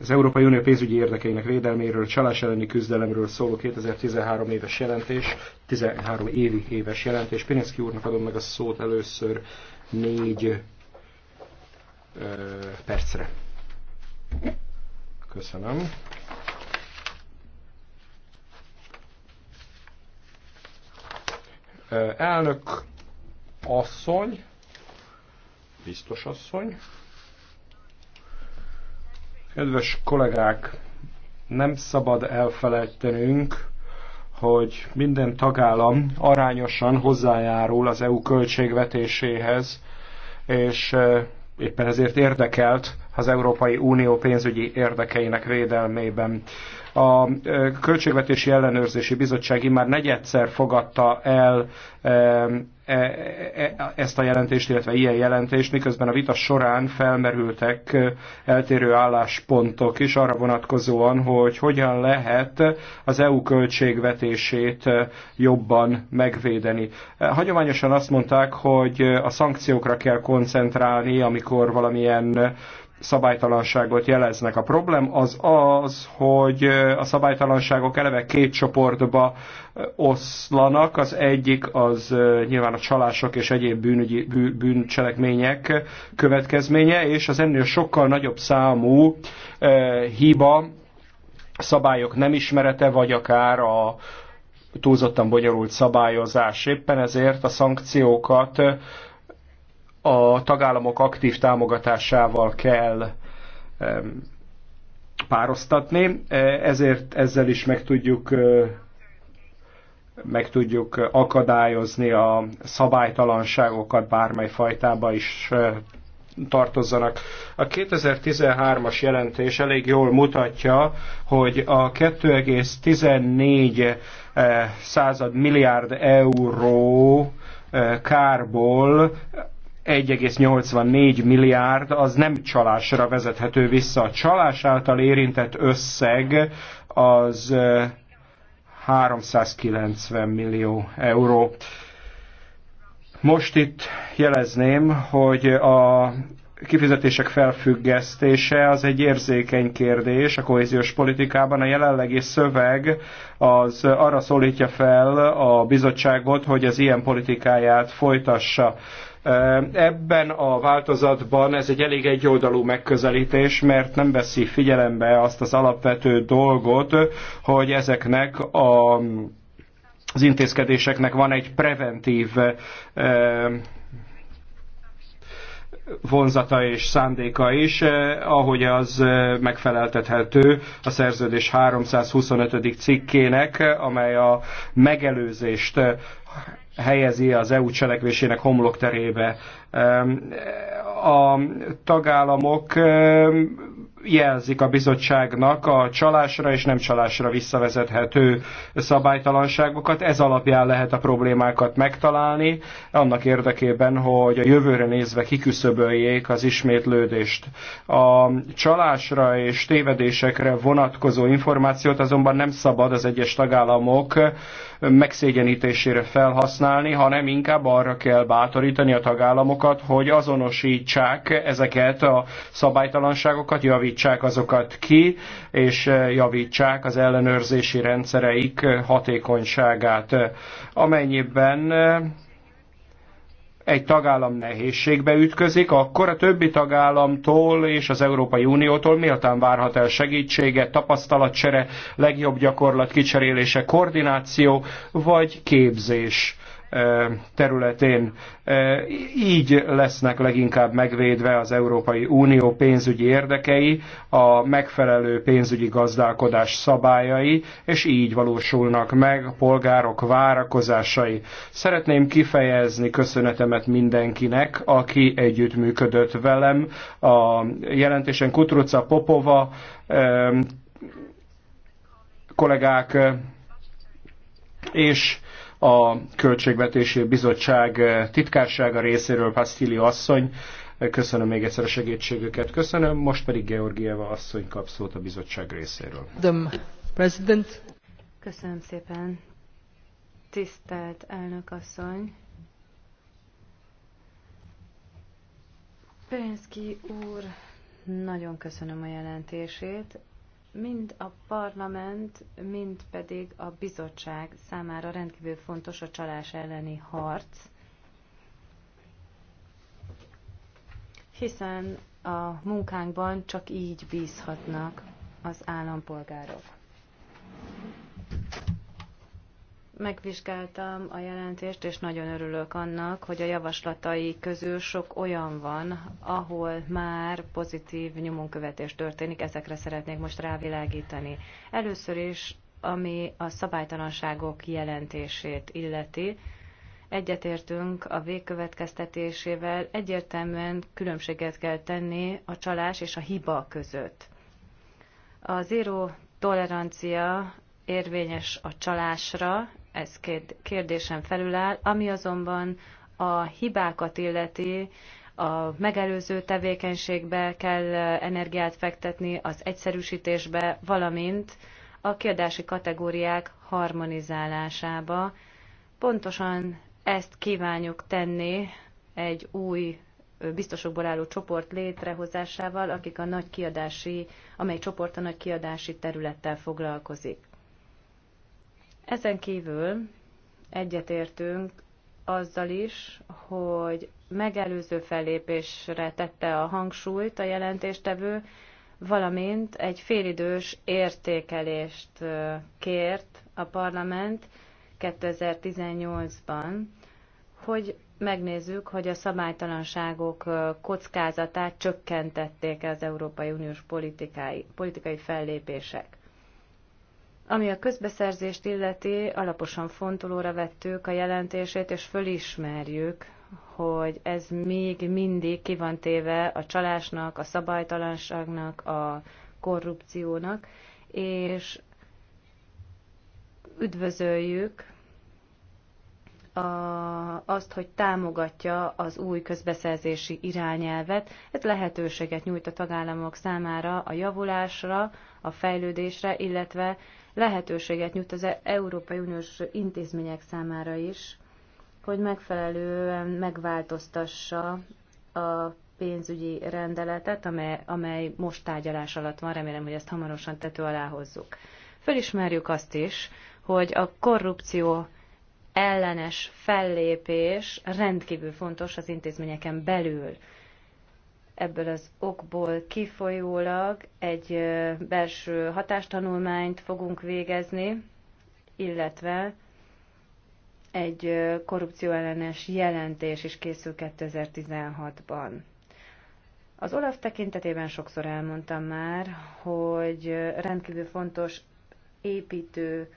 az Európai Unió pénzügyi érdekeinek védelméről, csalás elleni küzdelemről szóló 2013 éves jelentés, 13 évi éves jelentés. Pénzki úrnak adom meg a szót először négy percre. Köszönöm. Elnök asszony, biztos asszony, Kedves kollégák, nem szabad elfelejtenünk, hogy minden tagállam arányosan hozzájárul az EU költségvetéséhez, és eh, éppen ezért érdekelt az Európai Unió pénzügyi érdekeinek védelmében. A eh, Költségvetési Ellenőrzési Bizottság már negyedszer fogadta el eh, E, e, e, ezt a jelentést, illetve ilyen jelentést, miközben a vita során felmerültek eltérő álláspontok is arra vonatkozóan, hogy hogyan lehet az EU költségvetését jobban megvédeni. Hagyományosan azt mondták, hogy a szankciókra kell koncentrálni, amikor valamilyen szabálytalanságot jeleznek. A problém az az, hogy a szabálytalanságok eleve két csoportba oszlanak. Az egyik az nyilván a csalások és egyéb bűnügyi, bűncselekmények következménye, és az ennél sokkal nagyobb számú hiba, szabályok nem ismerete, vagy akár a túlzottan bonyolult szabályozás. Éppen ezért a szankciókat a tagállamok aktív támogatásával kell párosztatni, ezért ezzel is meg tudjuk, meg tudjuk akadályozni a szabálytalanságokat bármely fajtába is tartozzanak. A 2013-as jelentés elég jól mutatja, hogy a 2,14 eh, század milliárd euró eh, kárból 1,84 milliárd az nem csalásra vezethető vissza. A csalás által érintett összeg az 390 millió euró. Most itt jelezném, hogy a kifizetések felfüggesztése az egy érzékeny kérdés a kohéziós politikában. A jelenlegi szöveg az arra szólítja fel a bizottságot, hogy az ilyen politikáját folytassa. Ebben a változatban ez egy elég egyoldalú megközelítés, mert nem veszi figyelembe azt az alapvető dolgot, hogy ezeknek a, az intézkedéseknek van egy preventív vonzata és szándéka is, ahogy az megfeleltethető a szerződés 325. cikkének, amely a megelőzést helyezi az EU cselekvésének homlokterébe. A tagállamok jelzik a bizottságnak a csalásra és nem csalásra visszavezethető szabálytalanságokat. Ez alapján lehet a problémákat megtalálni, annak érdekében, hogy a jövőre nézve kiküszöböljék az ismétlődést. A csalásra és tévedésekre vonatkozó információt azonban nem szabad az egyes tagállamok megszégyenítésére felhasználni, hanem inkább arra kell bátorítani a tagállamokat, hogy azonosítsák ezeket a szabálytalanságokat, javítsák javítsák azokat ki, és eh, javítsák az ellenőrzési rendszereik hatékonyságát. Amennyiben eh, egy tagállam nehézségbe ütközik, akkor a többi tagállamtól és az Európai Uniótól méltán várhat el segítséget, tapasztalatcsere, legjobb gyakorlat kicserélése, koordináció vagy képzés területén. Így lesznek leginkább megvédve az Európai Unió pénzügyi érdekei, a megfelelő pénzügyi gazdálkodás szabályai, és így valósulnak meg a polgárok várakozásai. Szeretném kifejezni köszönetemet mindenkinek, aki együttműködött velem. A jelentésen Kutruca Popova kollégák és a Költségvetési Bizottság titkársága részéről Pasztili asszony. Köszönöm még egyszer a segítségüket. Köszönöm. Most pedig Georgieva asszony kap szót a bizottság részéről. President. Köszönöm szépen. Tisztelt elnök asszony. Pénzki úr, nagyon köszönöm a jelentését mind a parlament, mind pedig a bizottság számára rendkívül fontos a csalás elleni harc, hiszen a munkánkban csak így bízhatnak az állampolgárok. Megvizsgáltam a jelentést, és nagyon örülök annak, hogy a javaslatai közül sok olyan van, ahol már pozitív nyomonkövetés történik, ezekre szeretnék most rávilágítani. Először is, ami a szabálytalanságok jelentését illeti, egyetértünk a végkövetkeztetésével, egyértelműen különbséget kell tenni a csalás és a hiba között. A zéró tolerancia érvényes a csalásra ez két kérdésen felül áll. Ami azonban a hibákat illeti, a megelőző tevékenységbe kell energiát fektetni, az egyszerűsítésbe, valamint a kiadási kategóriák harmonizálásába. Pontosan ezt kívánjuk tenni egy új biztosokból álló csoport létrehozásával, akik a nagy kiadási, amely csoport a nagy kiadási területtel foglalkozik. Ezen kívül egyetértünk azzal is, hogy megelőző fellépésre tette a hangsúlyt a jelentéstevő, valamint egy félidős értékelést kért a parlament 2018-ban, hogy megnézzük, hogy a szabálytalanságok kockázatát csökkentették az Európai Uniós politikai, politikai fellépések. Ami a közbeszerzést illeti, alaposan fontolóra vettük a jelentését, és fölismerjük, hogy ez még mindig ki van téve a csalásnak, a szabálytalanságnak, a korrupciónak, és üdvözöljük a, azt, hogy támogatja az új közbeszerzési irányelvet. Ez lehetőséget nyújt a tagállamok számára a javulásra, a fejlődésre, illetve lehetőséget nyújt az e- Európai Uniós intézmények számára is, hogy megfelelően megváltoztassa a pénzügyi rendeletet, amely, amely most tárgyalás alatt van, remélem, hogy ezt hamarosan tető alá hozzuk. Fölismerjük azt is, hogy a korrupció ellenes fellépés rendkívül fontos az intézményeken belül. Ebből az okból kifolyólag egy belső hatástanulmányt fogunk végezni, illetve egy korrupcióellenes jelentés is készül 2016-ban. Az Olaf tekintetében sokszor elmondtam már, hogy rendkívül fontos építő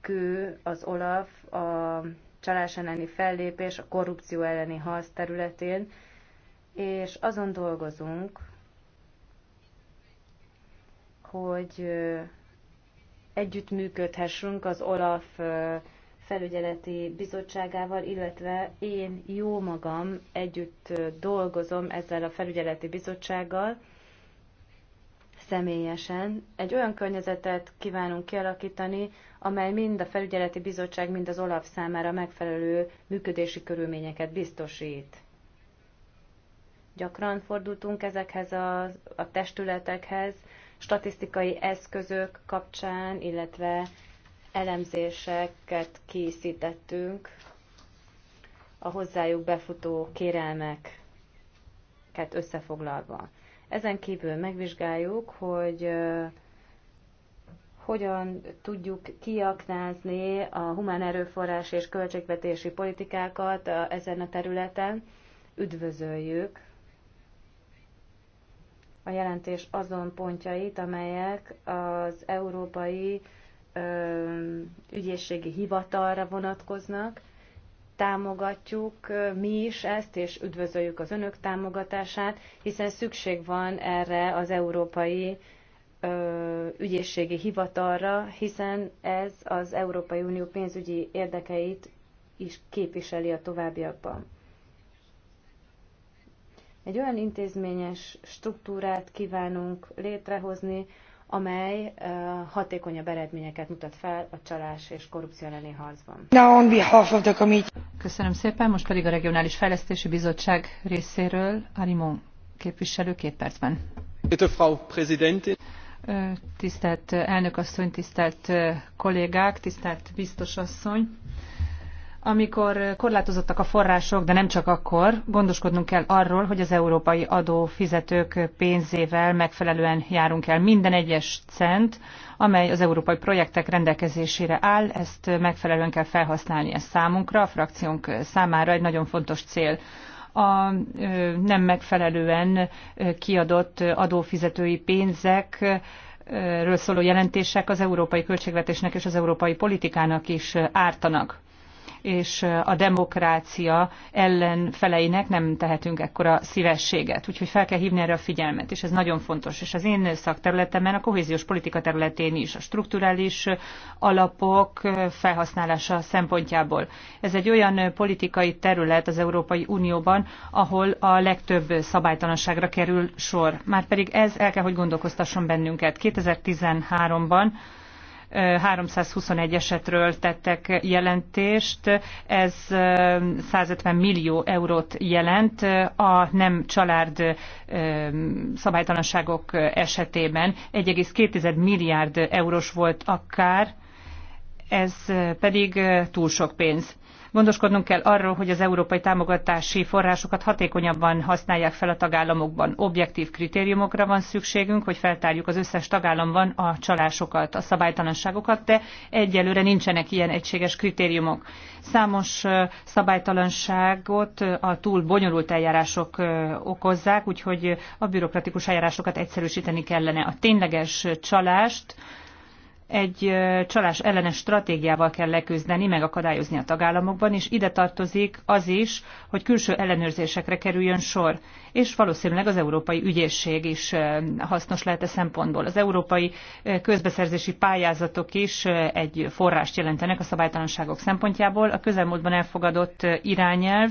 kő az Olaf a csalás elleni fellépés, a korrupció elleni harc területén, és azon dolgozunk, hogy együttműködhessünk az OLAF felügyeleti bizottságával, illetve én jó magam együtt dolgozom ezzel a felügyeleti bizottsággal személyesen. Egy olyan környezetet kívánunk kialakítani, amely mind a felügyeleti bizottság, mind az OLAF számára megfelelő működési körülményeket biztosít. Gyakran fordultunk ezekhez a, a testületekhez, statisztikai eszközök kapcsán, illetve elemzéseket készítettünk a hozzájuk befutó kérelmeket összefoglalva. Ezen kívül megvizsgáljuk, hogy hogyan tudjuk kiaknázni a humán erőforrás és költségvetési politikákat ezen a területen. Üdvözöljük a jelentés azon pontjait, amelyek az európai ö, ügyészségi hivatalra vonatkoznak. Támogatjuk mi is ezt, és üdvözöljük az önök támogatását, hiszen szükség van erre az európai ö, ügyészségi hivatalra, hiszen ez az Európai Unió pénzügyi érdekeit is képviseli a továbbiakban. Egy olyan intézményes struktúrát kívánunk létrehozni, amely hatékonyabb eredményeket mutat fel a csalás és korrupció elleni harcban. Köszönöm szépen, most pedig a Regionális Fejlesztési Bizottság részéről Arimon képviselő két percben. Tisztelt elnök asszony, tisztelt kollégák, tisztelt biztos asszony! amikor korlátozottak a források, de nem csak akkor, gondoskodnunk kell arról, hogy az európai adófizetők pénzével megfelelően járunk el minden egyes cent, amely az európai projektek rendelkezésére áll, ezt megfelelően kell felhasználni ez számunkra, a frakciónk számára egy nagyon fontos cél a nem megfelelően kiadott adófizetői pénzek ről szóló jelentések az európai költségvetésnek és az európai politikának is ártanak és a demokrácia ellenfeleinek nem tehetünk ekkora szívességet. Úgyhogy fel kell hívni erre a figyelmet, és ez nagyon fontos. És az én szakterületemben a kohéziós politika területén is, a strukturális alapok felhasználása szempontjából. Ez egy olyan politikai terület az Európai Unióban, ahol a legtöbb szabálytalanságra kerül sor. Márpedig ez el kell, hogy gondolkoztasson bennünket. 2013-ban 321 esetről tettek jelentést, ez 150 millió eurót jelent a nem család szabálytalanságok esetében. 1,2 milliárd eurós volt akár, ez pedig túl sok pénz. Gondoskodnunk kell arról, hogy az európai támogatási forrásokat hatékonyabban használják fel a tagállamokban. Objektív kritériumokra van szükségünk, hogy feltárjuk az összes tagállamban a csalásokat, a szabálytalanságokat, de egyelőre nincsenek ilyen egységes kritériumok. Számos szabálytalanságot a túl bonyolult eljárások okozzák, úgyhogy a bürokratikus eljárásokat egyszerűsíteni kellene. A tényleges csalást egy csalás ellenes stratégiával kell leküzdeni, megakadályozni a tagállamokban, és ide tartozik az is, hogy külső ellenőrzésekre kerüljön sor. És valószínűleg az Európai Ügyészség is hasznos lehet a e szempontból. Az európai közbeszerzési pályázatok is egy forrást jelentenek a szabálytalanságok szempontjából. A közelmúltban elfogadott irányelv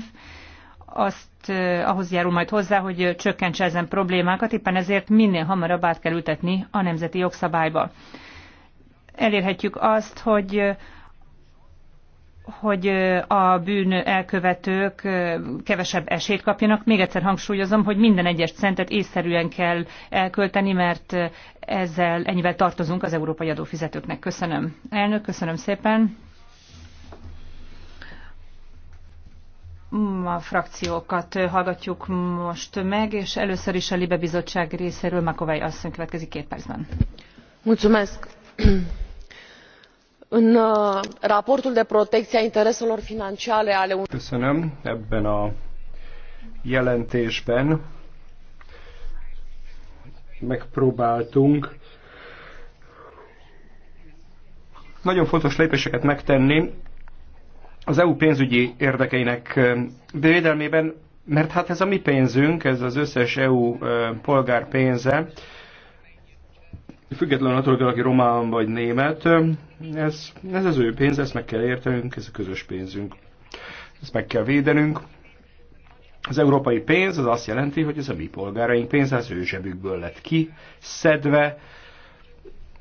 azt ahhoz járul majd hozzá, hogy csökkentse ezen problémákat, éppen ezért minél hamarabb át kell ültetni a nemzeti jogszabályba elérhetjük azt, hogy hogy a bűn elkövetők kevesebb esélyt kapjanak. Még egyszer hangsúlyozom, hogy minden egyes centet észszerűen kell elkölteni, mert ezzel ennyivel tartozunk az európai adófizetőknek. Köszönöm. Elnök, köszönöm szépen. A frakciókat hallgatjuk most meg, és először is a Libe Bizottság részéről Makovai asszony következik két percben. Mulțumesc în uh, raportul de protecție a intereselor financiare ale uniunii. Köszönöm ebben a jelentésben megpróbáltunk nagyon fontos lépéseket megtenni az EU pénzügyi érdekeinek védelmében, mert hát ez a mi pénzünk, ez az összes EU polgár pénze, Függetlenül attól, hogy valaki román vagy német, ez, ez az ő pénz, ezt meg kell értenünk, ez a közös pénzünk. Ezt meg kell védenünk. Az európai pénz az azt jelenti, hogy ez a mi polgáraink pénz az ő zsebükből lett ki, szedve,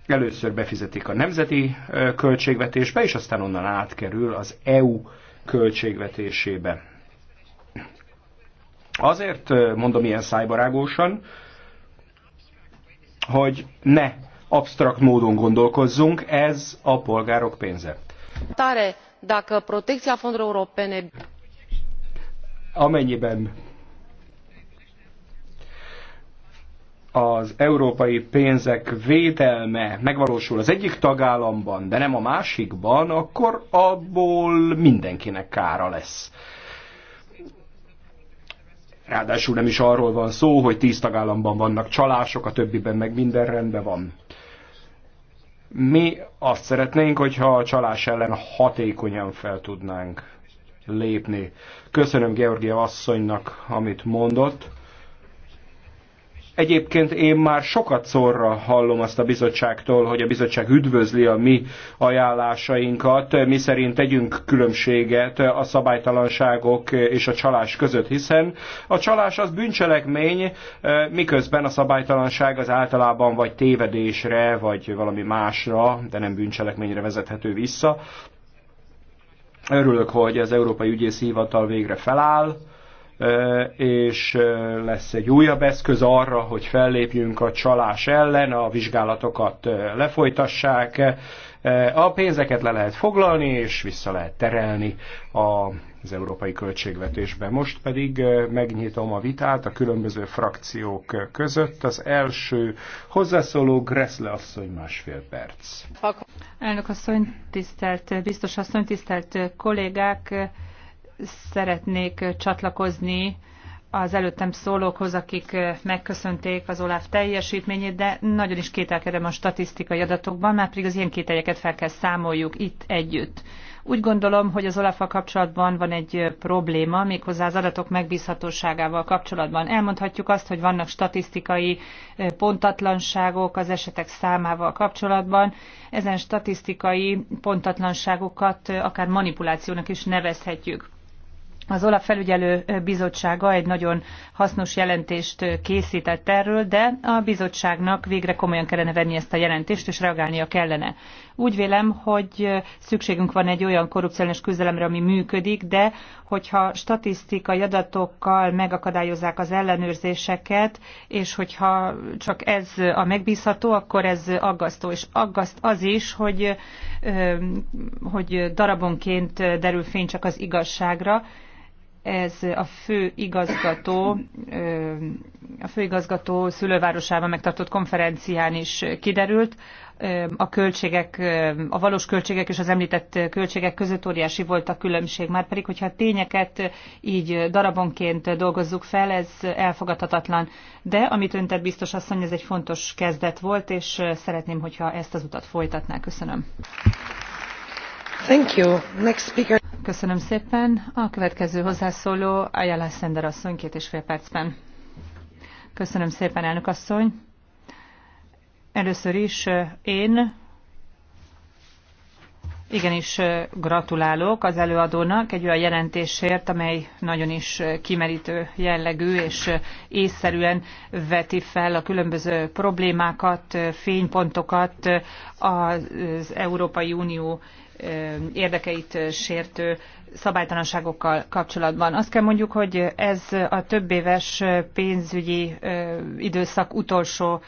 először befizetik a nemzeti költségvetésbe, és aztán onnan átkerül az EU költségvetésébe. Azért mondom ilyen szájbarágósan, hogy ne absztrakt módon gondolkozzunk, ez a polgárok pénze. Tare, dacă protecția fondurilor europene... Amennyiben az európai pénzek védelme megvalósul az egyik tagállamban, de nem a másikban, akkor abból mindenkinek kára lesz. Ráadásul nem is arról van szó, hogy tíz tagállamban vannak csalások, a többiben meg minden rendben van. Mi azt szeretnénk, hogyha a csalás ellen hatékonyan fel tudnánk lépni. Köszönöm Georgia asszonynak, amit mondott. Egyébként én már sokat szorra hallom azt a bizottságtól, hogy a bizottság üdvözli a mi ajánlásainkat, mi szerint tegyünk különbséget a szabálytalanságok és a csalás között, hiszen a csalás az bűncselekmény, miközben a szabálytalanság az általában vagy tévedésre, vagy valami másra, de nem bűncselekményre vezethető vissza. Örülök, hogy az Európai Ügyész Hivatal végre feláll, és lesz egy újabb eszköz arra, hogy fellépjünk a csalás ellen, a vizsgálatokat lefolytassák, a pénzeket le lehet foglalni, és vissza lehet terelni az európai költségvetésbe. Most pedig megnyitom a vitát a különböző frakciók között. Az első hozzászóló Greszle asszony másfél perc. Elnök asszony, tisztelt biztos asszony, tisztelt kollégák, szeretnék csatlakozni az előttem szólókhoz, akik megköszönték az OLAF teljesítményét, de nagyon is kételkedem a statisztikai adatokban, már pedig az ilyen kételyeket fel kell számoljuk itt együtt. Úgy gondolom, hogy az olaf kapcsolatban van egy probléma, méghozzá az adatok megbízhatóságával kapcsolatban. Elmondhatjuk azt, hogy vannak statisztikai eh, pontatlanságok az esetek számával kapcsolatban. Ezen statisztikai pontatlanságokat eh, akár manipulációnak is nevezhetjük. Az OLAF felügyelő bizottsága egy nagyon hasznos jelentést készített erről, de a bizottságnak végre komolyan kellene venni ezt a jelentést, és reagálnia kellene. Úgy vélem, hogy szükségünk van egy olyan korrupciós küzdelemre, ami működik, de hogyha statisztikai adatokkal megakadályozzák az ellenőrzéseket, és hogyha csak ez a megbízható, akkor ez aggasztó. És aggaszt az is, hogy, hogy darabonként derül fény csak az igazságra, ez a fő igazgató, a főigazgató szülővárosában megtartott konferencián is kiderült. A költségek, a valós költségek és az említett költségek között óriási volt a különbség. Már pedig, hogyha a tényeket így darabonként dolgozzuk fel, ez elfogadhatatlan. De amit ön tett biztos asszony, ez egy fontos kezdet volt, és szeretném, hogyha ezt az utat folytatná. Köszönöm. Thank you. Next speaker. Köszönöm szépen. A következő hozzászóló Ayala Szender asszony két és fél percben. Köszönöm szépen, elnök asszony. Először is én igenis gratulálok az előadónak egy olyan jelentésért, amely nagyon is kimerítő jellegű, és észszerűen veti fel a különböző problémákat, fénypontokat az Európai Unió érdekeit sértő szabálytalanságokkal kapcsolatban. Azt kell mondjuk, hogy ez a több éves pénzügyi időszak utolsó,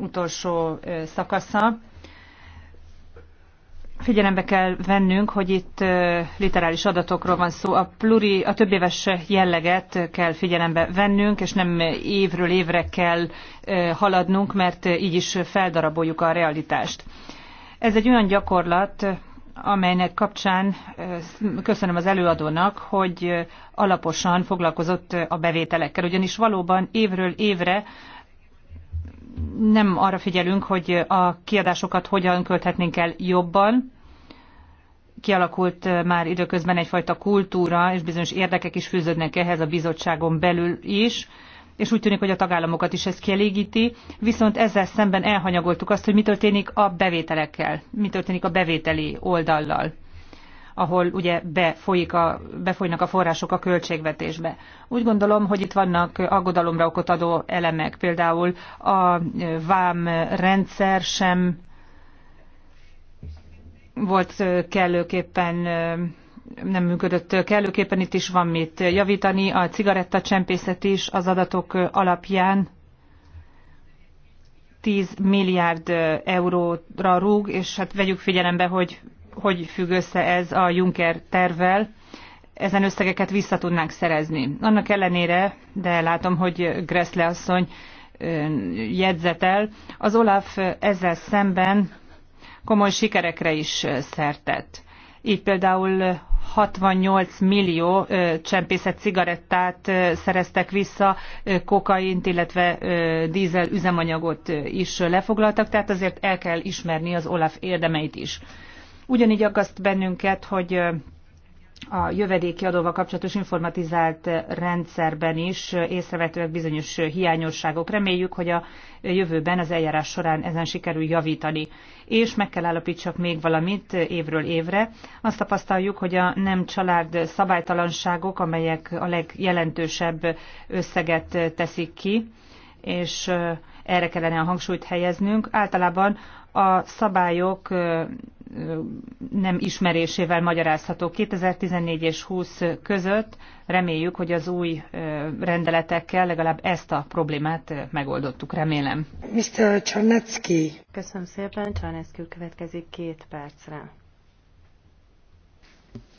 utolsó szakasza. Figyelembe kell vennünk, hogy itt literális adatokról van szó. A, pluri, a több éves jelleget kell figyelembe vennünk, és nem évről évre kell haladnunk, mert így is feldaraboljuk a realitást. Ez egy olyan gyakorlat, amelynek kapcsán köszönöm az előadónak, hogy alaposan foglalkozott a bevételekkel, ugyanis valóban évről évre nem arra figyelünk, hogy a kiadásokat hogyan költhetnénk el jobban. Kialakult már időközben egyfajta kultúra, és bizonyos érdekek is fűződnek ehhez a bizottságon belül is, és úgy tűnik, hogy a tagállamokat is ez kielégíti, viszont ezzel szemben elhanyagoltuk azt, hogy mi történik a bevételekkel, mi történik a bevételi oldallal ahol ugye befolyik a, befolynak a források a költségvetésbe. Úgy gondolom, hogy itt vannak aggodalomra okot adó elemek, például a e, vám rendszer sem volt e, kellőképpen e, nem működött kellőképpen, itt is van mit javítani. A cigarettacsempészet is az adatok alapján 10 milliárd euróra rúg, és hát vegyük figyelembe, hogy hogy függ össze ez a Juncker tervvel. Ezen összegeket vissza tudnánk szerezni. Annak ellenére, de látom, hogy Gressle asszony jegyzetel, az Olaf ezzel szemben komoly sikerekre is szertett. Így például 68 millió csempészet cigarettát szereztek vissza, kokaint, illetve dízel üzemanyagot is lefoglaltak, tehát azért el kell ismerni az Olaf érdemeit is. Ugyanígy aggaszt bennünket, hogy a jövedéki adóval kapcsolatos informatizált rendszerben is észrevetőek bizonyos hiányosságok. Reméljük, hogy a jövőben az eljárás során ezen sikerül javítani. És meg kell állapítsak még valamit évről évre. Azt tapasztaljuk, hogy a nem család szabálytalanságok, amelyek a legjelentősebb összeget teszik ki, és erre kellene a hangsúlyt helyeznünk. Általában a szabályok nem ismerésével magyarázható. 2014 és 20 között reméljük, hogy az új rendeletekkel legalább ezt a problémát megoldottuk, remélem. Mr. Csarnecki. Köszönöm szépen, Csarnecki következik két percre.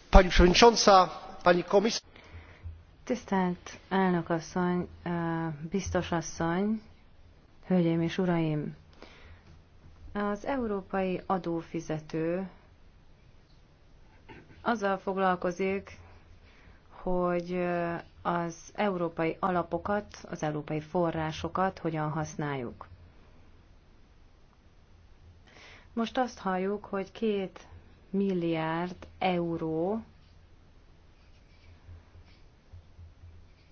Pani Przewodnicząca, Pani Komisz... Tisztelt elnök asszony, biztos asszony, hölgyeim és uraim! Az európai adófizető azzal foglalkozik, hogy az európai alapokat, az európai forrásokat hogyan használjuk. Most azt halljuk, hogy két milliárd euró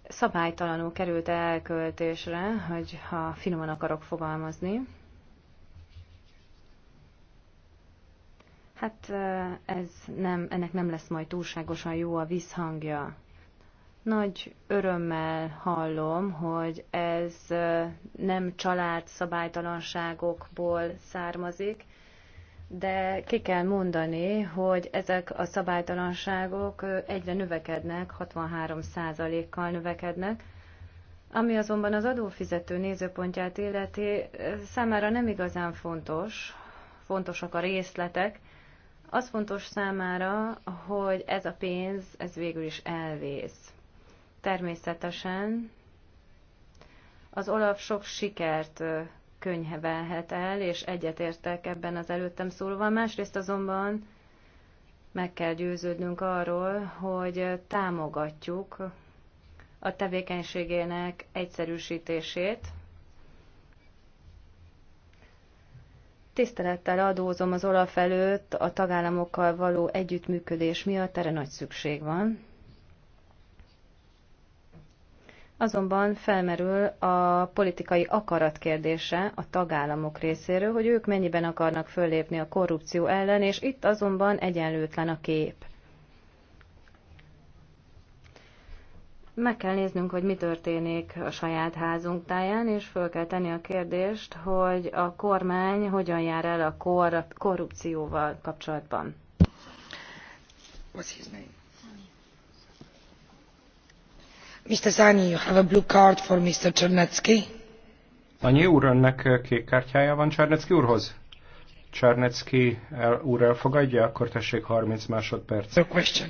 szabálytalanul került elköltésre, hogy ha finoman akarok fogalmazni. Hát ez nem, ennek nem lesz majd túlságosan jó a visszhangja. Nagy örömmel hallom, hogy ez nem család szabálytalanságokból származik, de ki kell mondani, hogy ezek a szabálytalanságok egyre növekednek, 63%-kal növekednek, ami azonban az adófizető nézőpontját illeti, számára nem igazán fontos, fontosak a részletek, az fontos számára, hogy ez a pénz, ez végül is elvész. Természetesen az Olaf sok sikert könyhevelhet el, és egyetértek ebben az előttem szólóval. Másrészt azonban meg kell győződnünk arról, hogy támogatjuk a tevékenységének egyszerűsítését, Tisztelettel adózom az Olaf előtt a tagállamokkal való együttműködés miatt, erre nagy szükség van. Azonban felmerül a politikai akarat kérdése a tagállamok részéről, hogy ők mennyiben akarnak föllépni a korrupció ellen, és itt azonban egyenlőtlen a kép. Meg kell néznünk, hogy mi történik a saját házunk táján, és föl kell tenni a kérdést, hogy a kormány hogyan jár el a kor korrupcióval kapcsolatban. What's his name? Mr. Zani, you have a blue card for Mr. Czernetsky. Annyi úr, önnek kék kártyája van Csernecki úrhoz? Csernecki el, úr elfogadja? Akkor tessék 30 másodperc. No question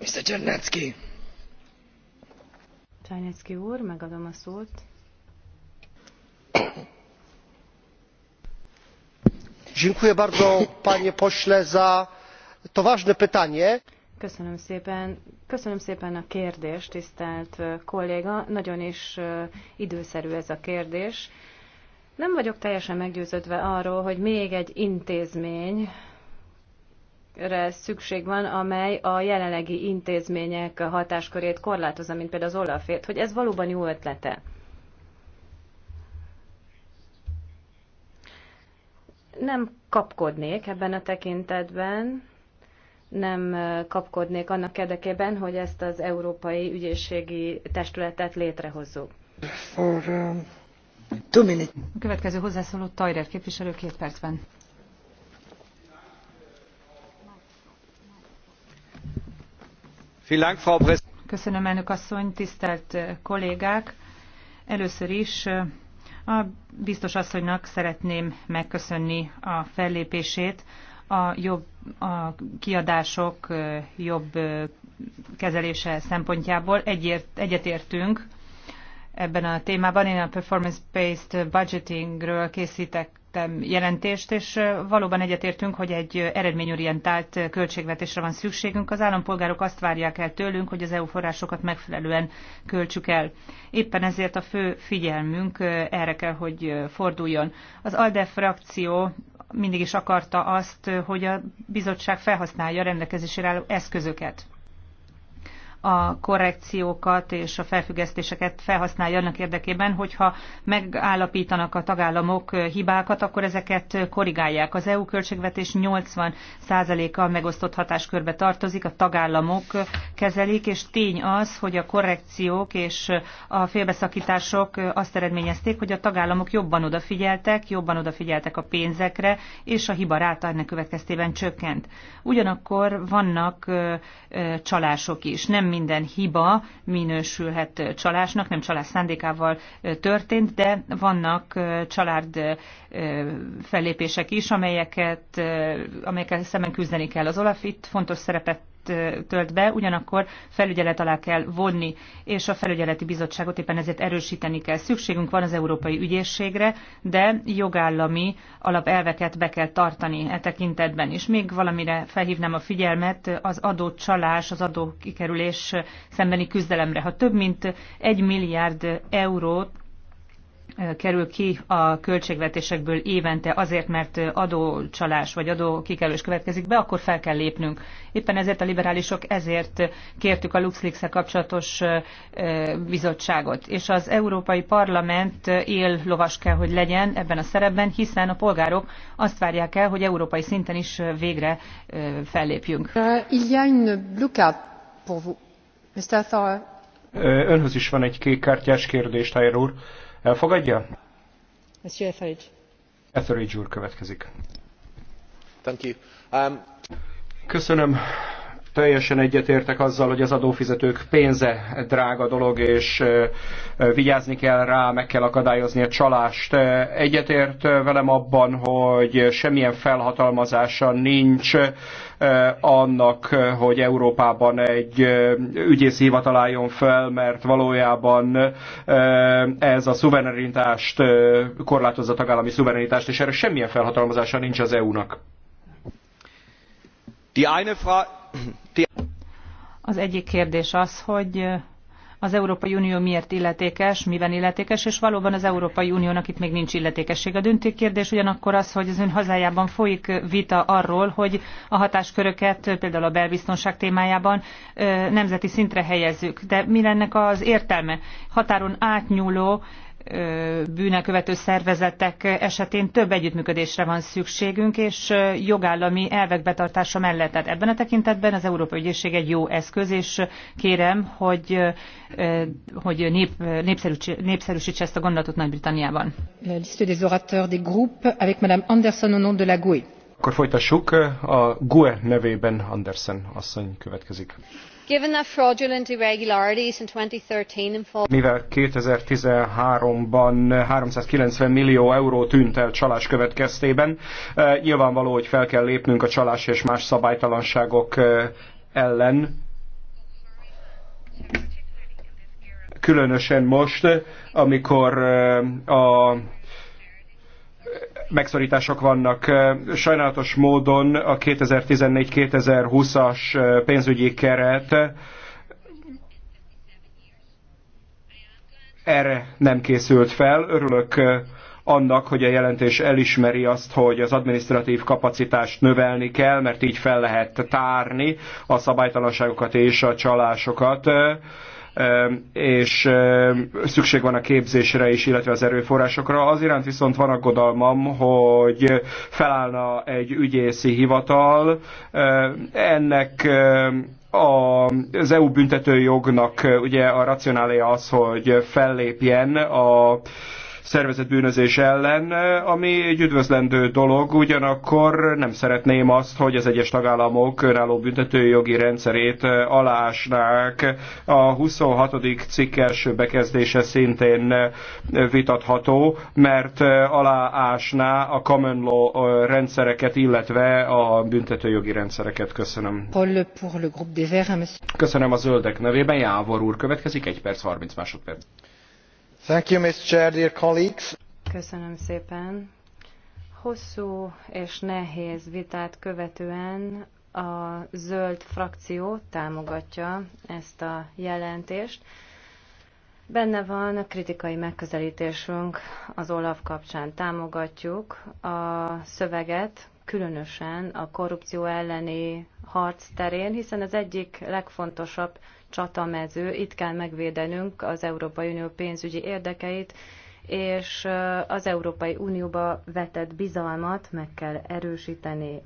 Mr. úr, megadom a szót. Dziękuję bardzo, panie pośle, za to ważne pytanie. Köszönöm szépen. Köszönöm szépen a kérdést, tisztelt kolléga. Nagyon is időszerű ez a kérdés. Nem vagyok teljesen meggyőződve arról, hogy még egy intézmény, intézményekre szükség van, amely a jelenlegi intézmények hatáskörét korlátozza, mint például az Olafét, hogy ez valóban jó ötlete. Nem kapkodnék ebben a tekintetben, nem kapkodnék annak érdekében, hogy ezt az Európai Ügyészségi Testületet létrehozzuk. For, um, a következő hozzászóló Tajrer képviselő két percben. Köszönöm, elnök asszony, tisztelt eh, kollégák! Először is eh, a biztos asszonynak szeretném megköszönni a fellépését, a jobb a kiadások eh, jobb kezelése szempontjából. Egyért, egyetértünk ebben a témában. Én a performance-based budgetingről készítek jelentést, és valóban egyetértünk, hogy egy eredményorientált költségvetésre van szükségünk. Az állampolgárok azt várják el tőlünk, hogy az EU forrásokat megfelelően költsük el. Éppen ezért a fő figyelmünk erre kell, hogy forduljon. Az ALDE frakció mindig is akarta azt, hogy a bizottság felhasználja a rendelkezésére álló eszközöket a korrekciókat és a felfüggesztéseket felhasználja annak érdekében, hogyha megállapítanak a tagállamok hibákat, akkor ezeket korrigálják. Az EU költségvetés 80%-a megosztott hatáskörbe tartozik, a tagállamok kezelik, és tény az, hogy a korrekciók és a félbeszakítások azt eredményezték, hogy a tagállamok jobban odafigyeltek, jobban odafigyeltek a pénzekre, és a hiba ráta ennek következtében csökkent. Ugyanakkor vannak csalások is. Nem minden hiba minősülhet csalásnak, nem csalás szándékával történt, de vannak család fellépések is, amelyeket, amelyekkel szemben küzdeni kell. Az Olaf itt fontos szerepet tölt be, ugyanakkor felügyelet alá kell vonni, és a felügyeleti bizottságot éppen ezért erősíteni kell. Szükségünk van az európai ügyészségre, de jogállami alapelveket be kell tartani e tekintetben is. Még valamire felhívnám a figyelmet, az adócsalás, az adókikerülés szembeni küzdelemre. Ha több mint egy milliárd eurót kerül ki a költségvetésekből évente azért, mert adócsalás vagy adókikerülés következik be, akkor fel kell lépnünk. Éppen ezért a liberálisok ezért kértük a luxleaks kapcsolatos bizottságot. És az Európai Parlament él lovas kell, hogy legyen ebben a szerepben, hiszen a polgárok azt várják el, hogy európai szinten is végre fellépjünk. Euh, önhöz is van egy kék kártyás kérdés, Tyler úr. Elfogadja? Monsieur Etheridge. Etheridge úr következik. Thank you. Um... Köszönöm teljesen egyetértek azzal, hogy az adófizetők pénze drága dolog, és vigyázni kell rá, meg kell akadályozni a csalást. Egyetért velem abban, hogy semmilyen felhatalmazása nincs annak, hogy Európában egy ügyész hivatal álljon fel, mert valójában ez a szuverenitást korlátozza a tagállami szuverenitást, és erre semmilyen felhatalmazása nincs az EU-nak. Die eine Frage az egyik kérdés az, hogy az Európai Unió miért illetékes, miben illetékes, és valóban az Európai Uniónak itt még nincs illetékesség. A döntő kérdés ugyanakkor az, hogy az ön hazájában folyik vita arról, hogy a hatásköröket például a belbiztonság témájában nemzeti szintre helyezzük. De mi ennek az értelme? Határon átnyúló bűnelkövető szervezetek esetén több együttműködésre van szükségünk, és jogállami elvek betartása mellett. Tehát ebben a tekintetben az Európai Ügyészség egy jó eszköz, és kérem, hogy, hogy nép, népszerűsítse ezt a gondolatot Nagy-Britanniában. La liste des orateurs des groupes avec Madame Anderson au nom de la GUE. Akkor folytassuk. A GUE nevében Anderson asszony következik. Mivel 2013-ban 390 millió euró tűnt el csalás következtében, eh, nyilvánvaló, hogy fel kell lépnünk a csalás és más szabálytalanságok eh, ellen, különösen most, amikor eh, a megszorítások vannak. Sajnálatos módon a 2014-2020-as pénzügyi keret erre nem készült fel. Örülök annak, hogy a jelentés elismeri azt, hogy az adminisztratív kapacitást növelni kell, mert így fel lehet tárni a szabálytalanságokat és a csalásokat és szükség van a képzésre is, illetve az erőforrásokra. Az iránt viszont van aggodalmam, hogy felállna egy ügyészi hivatal. Ennek az EU büntetőjognak ugye a racionália az, hogy fellépjen a szervezett bűnözés ellen, eh, ami egy üdvözlendő dolog, ugyanakkor nem szeretném azt, hogy az egyes tagállamok önálló büntetőjogi rendszerét eh, alásnák. A 26. cikk első bekezdése szintén eh, vitatható, mert aláásná a common law rendszereket, illetve a büntetőjogi rendszereket. Köszönöm. Köszönöm a zöldek nevében. Jávor úr következik, egy perc 30 másodperc. Thank you, Chair, dear colleagues. Köszönöm szépen. Hosszú és nehéz vitát követően a zöld frakció támogatja ezt a jelentést. Benne van a kritikai megközelítésünk az OLAF kapcsán. Támogatjuk a szöveget, különösen a korrupció elleni harc terén, hiszen az egyik legfontosabb csatamező. Itt kell megvédenünk az Európai Unió pénzügyi érdekeit, és az Európai Unióba vetett bizalmat meg kell erősíteni.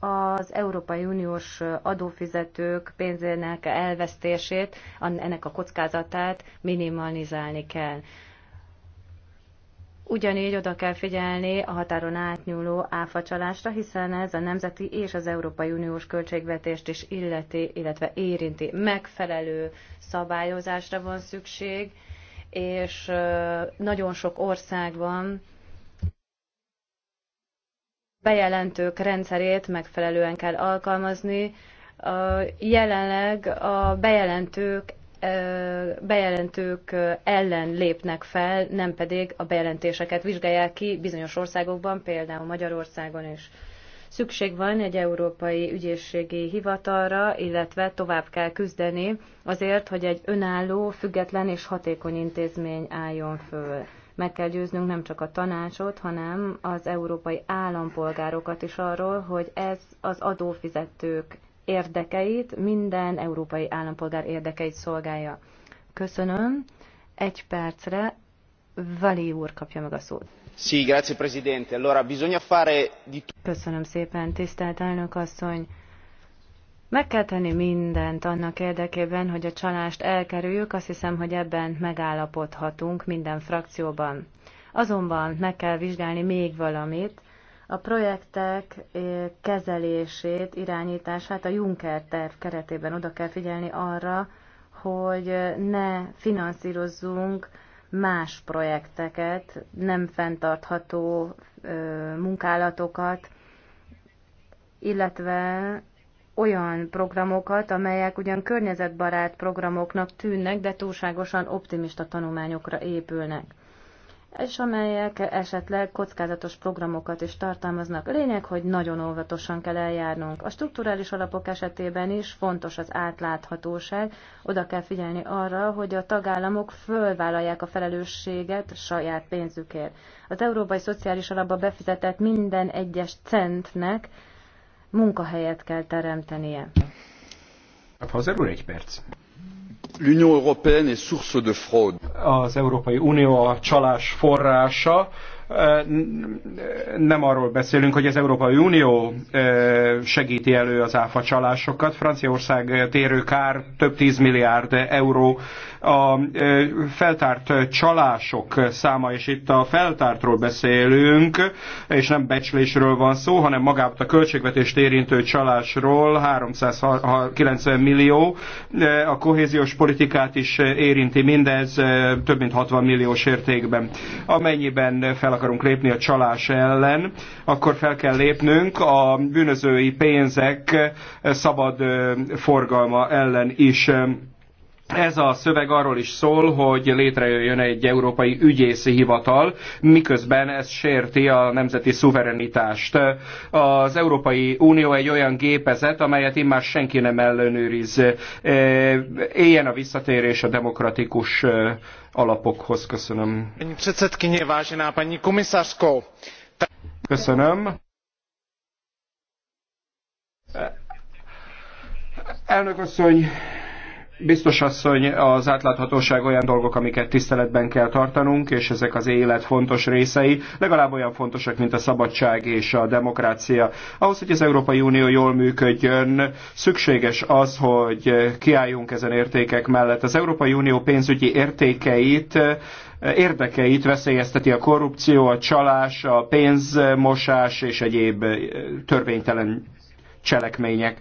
Az Európai Uniós adófizetők pénzének elvesztését, ennek a kockázatát minimalizálni kell. Ugyanígy oda kell figyelni a határon átnyúló áfacsalásra, hiszen ez a nemzeti és az Európai Uniós költségvetést is illeti, illetve érinti. Megfelelő szabályozásra van szükség, és nagyon sok országban bejelentők rendszerét megfelelően kell alkalmazni. Jelenleg a bejelentők bejelentők ellen lépnek fel, nem pedig a bejelentéseket vizsgálják ki bizonyos országokban, például Magyarországon is. Szükség van egy európai ügyészségi hivatalra, illetve tovább kell küzdeni azért, hogy egy önálló, független és hatékony intézmény álljon föl. Meg kell győznünk nem csak a tanácsot, hanem az európai állampolgárokat is arról, hogy ez az adófizetők érdekeit, minden európai állampolgár érdekeit szolgálja. Köszönöm. Egy percre Vali úr kapja meg a szót. Sí, grazie, presidente. Allora, bisogna fare di... Köszönöm szépen, tisztelt elnök asszony. Meg kell tenni mindent annak érdekében, hogy a csalást elkerüljük, azt hiszem, hogy ebben megállapodhatunk minden frakcióban. Azonban meg kell vizsgálni még valamit, a projektek eh, kezelését, irányítását a Juncker terv keretében oda kell figyelni arra, hogy eh, ne finanszírozzunk más projekteket, nem fenntartható eh, munkálatokat, illetve olyan programokat, amelyek ugyan környezetbarát programoknak tűnnek, de túlságosan optimista tanulmányokra épülnek és amelyek esetleg kockázatos programokat is tartalmaznak. Lényeg, hogy nagyon óvatosan kell eljárnunk. A strukturális alapok esetében is fontos az átláthatóság. Oda kell figyelni arra, hogy a tagállamok fölvállalják a felelősséget saját pénzükért. Az Európai Szociális Alapba befizetett minden egyes centnek munkahelyet kell teremtenie. Hazer egy perc l'union européenne est source de fraude. Az Európai Unió a csalás forrása nem arról beszélünk, hogy az Európai Unió segíti elő az áfa csalásokat. Franciaország térő kár több tíz milliárd euró. A feltárt csalások száma, és itt a feltártról beszélünk, és nem becslésről van szó, hanem magát a költségvetést érintő csalásról 390 millió. A kohéziós politikát is érinti mindez több mint 60 milliós értékben, amennyiben fel akarunk lépni a csalás ellen, akkor fel kell lépnünk a bűnözői pénzek szabad forgalma ellen is. Ez a szöveg arról is szól, hogy létrejöjjön egy európai ügyészi hivatal, miközben ez sérti a nemzeti szuverenitást. Az Európai Unió egy olyan gépezet, amelyet immár senki nem ellenőriz. E, éljen a visszatérés a demokratikus e, alapokhoz. Köszönöm. Köszönöm. Elnök asszony, Biztos asszony, az átláthatóság olyan dolgok, amiket tiszteletben kell tartanunk, és ezek az élet fontos részei, legalább olyan fontosak, mint a szabadság és a demokrácia. Ahhoz, hogy az Európai Unió jól működjön, szükséges az, hogy kiálljunk ezen értékek mellett. Az Európai Unió pénzügyi értékeit érdekeit veszélyezteti a korrupció, a csalás, a pénzmosás és egyéb törvénytelen cselekmények.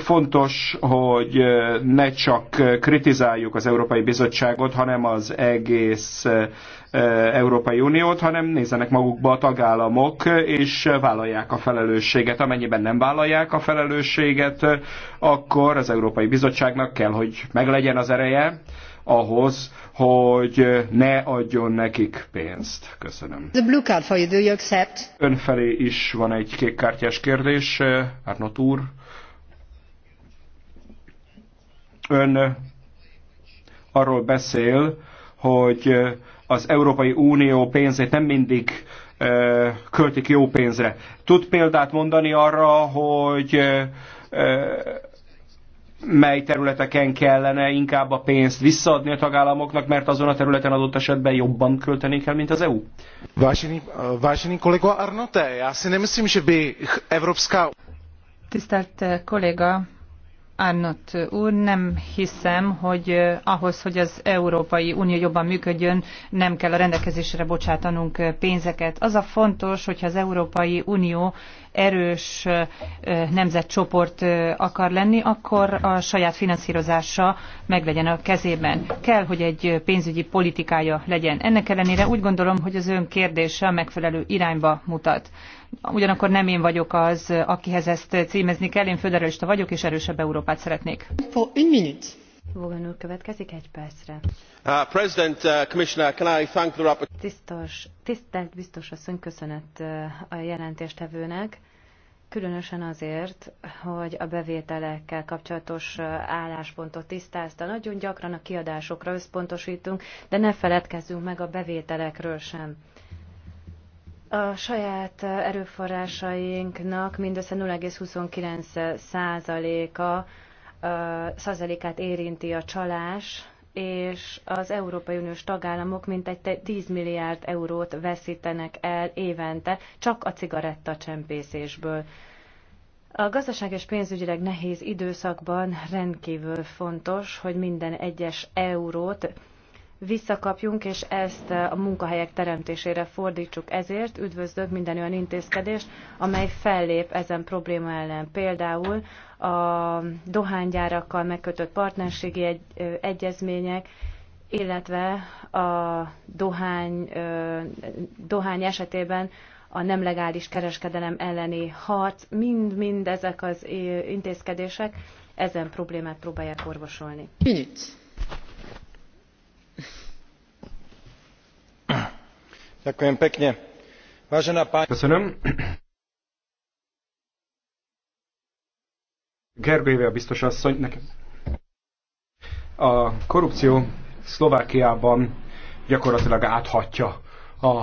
Fontos, hogy ne csak kritizáljuk az Európai Bizottságot, hanem az egész Európai Uniót, hanem nézzenek magukba a tagállamok, és vállalják a felelősséget. Amennyiben nem vállalják a felelősséget, akkor az Európai Bizottságnak kell, hogy meglegyen az ereje ahhoz, hogy ne adjon nekik pénzt. Köszönöm. The blue card for you, do you accept? Önfelé is van egy kék kártyás kérdés, Arnott úr. Ön eh, arról beszél, hogy eh, az Európai Unió pénzét nem mindig eh, költik jó pénzre. Tud példát mondani arra, hogy mely területeken kellene inkább a pénzt visszaadni a tagállamoknak, mert azon a területen adott esetben jobban költeni kell mint az EU? Vážený, vážený kolego Arnote, já si nemyslím, že by Evropská... Tisztelt kolléga Arnott úr, nem hiszem, hogy ahhoz, hogy az Európai Unió jobban működjön, nem kell a rendelkezésre bocsátanunk pénzeket. Az a fontos, hogyha az Európai Unió erős nemzetcsoport akar lenni, akkor a saját finanszírozása meglegyen a kezében. Kell, hogy egy pénzügyi politikája legyen. Ennek ellenére úgy gondolom, hogy az ön kérdése a megfelelő irányba mutat ugyanakkor nem én vagyok az, akihez ezt címezni kell, én föderalista vagyok, és erősebb Európát szeretnék. For une minute. Vogan következik egy percre. Uh, President, uh, Commissioner, can I thank the rapporteur? Tisztos, tisztelt biztos asszony, köszönet uh, a jelentéstevőnek. Különösen azért, hogy a bevételekkel kapcsolatos uh, álláspontot tisztázta. Nagyon gyakran a kiadásokra összpontosítunk, de ne feledkezzünk meg a bevételekről sem. A saját erőforrásainknak mindössze 0,29 százaléka százalékát érinti a csalás, és az Európai Uniós tagállamok mintegy 10 milliárd eurót veszítenek el évente csak a cigaretta csempészésből. A gazdaság és pénzügyileg nehéz időszakban rendkívül fontos, hogy minden egyes eurót visszakapjunk, és ezt eh, a munkahelyek teremtésére fordítsuk. Ezért üdvözlök minden olyan intézkedést, amely fellép ezen probléma ellen. Például a dohánygyárakkal megkötött partnerségi egy, ö, eh, egyezmények, illetve a dohány, ö, eh, dohány esetében a nem legális kereskedelem elleni harc, mind-mind ezek az intézkedések ezen problémát próbálják orvosolni. Minutes. Köszönöm. Gerbéve biztos asszony, nekem. A korrupció Szlovákiában gyakorlatilag áthatja a,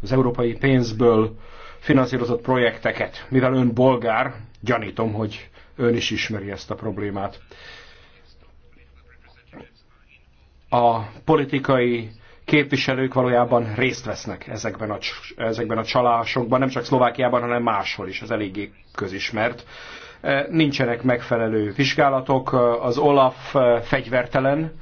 az európai pénzből finanszírozott projekteket. Mivel ön bolgár, gyanítom, hogy ön is ismeri ezt a problémát. A politikai képviselők valójában részt vesznek ezekben a, ezekben a csalásokban, nem csak Szlovákiában, hanem máshol is, ez eléggé közismert. E, nincsenek megfelelő vizsgálatok, e, az Olaf e, fegyvertelen,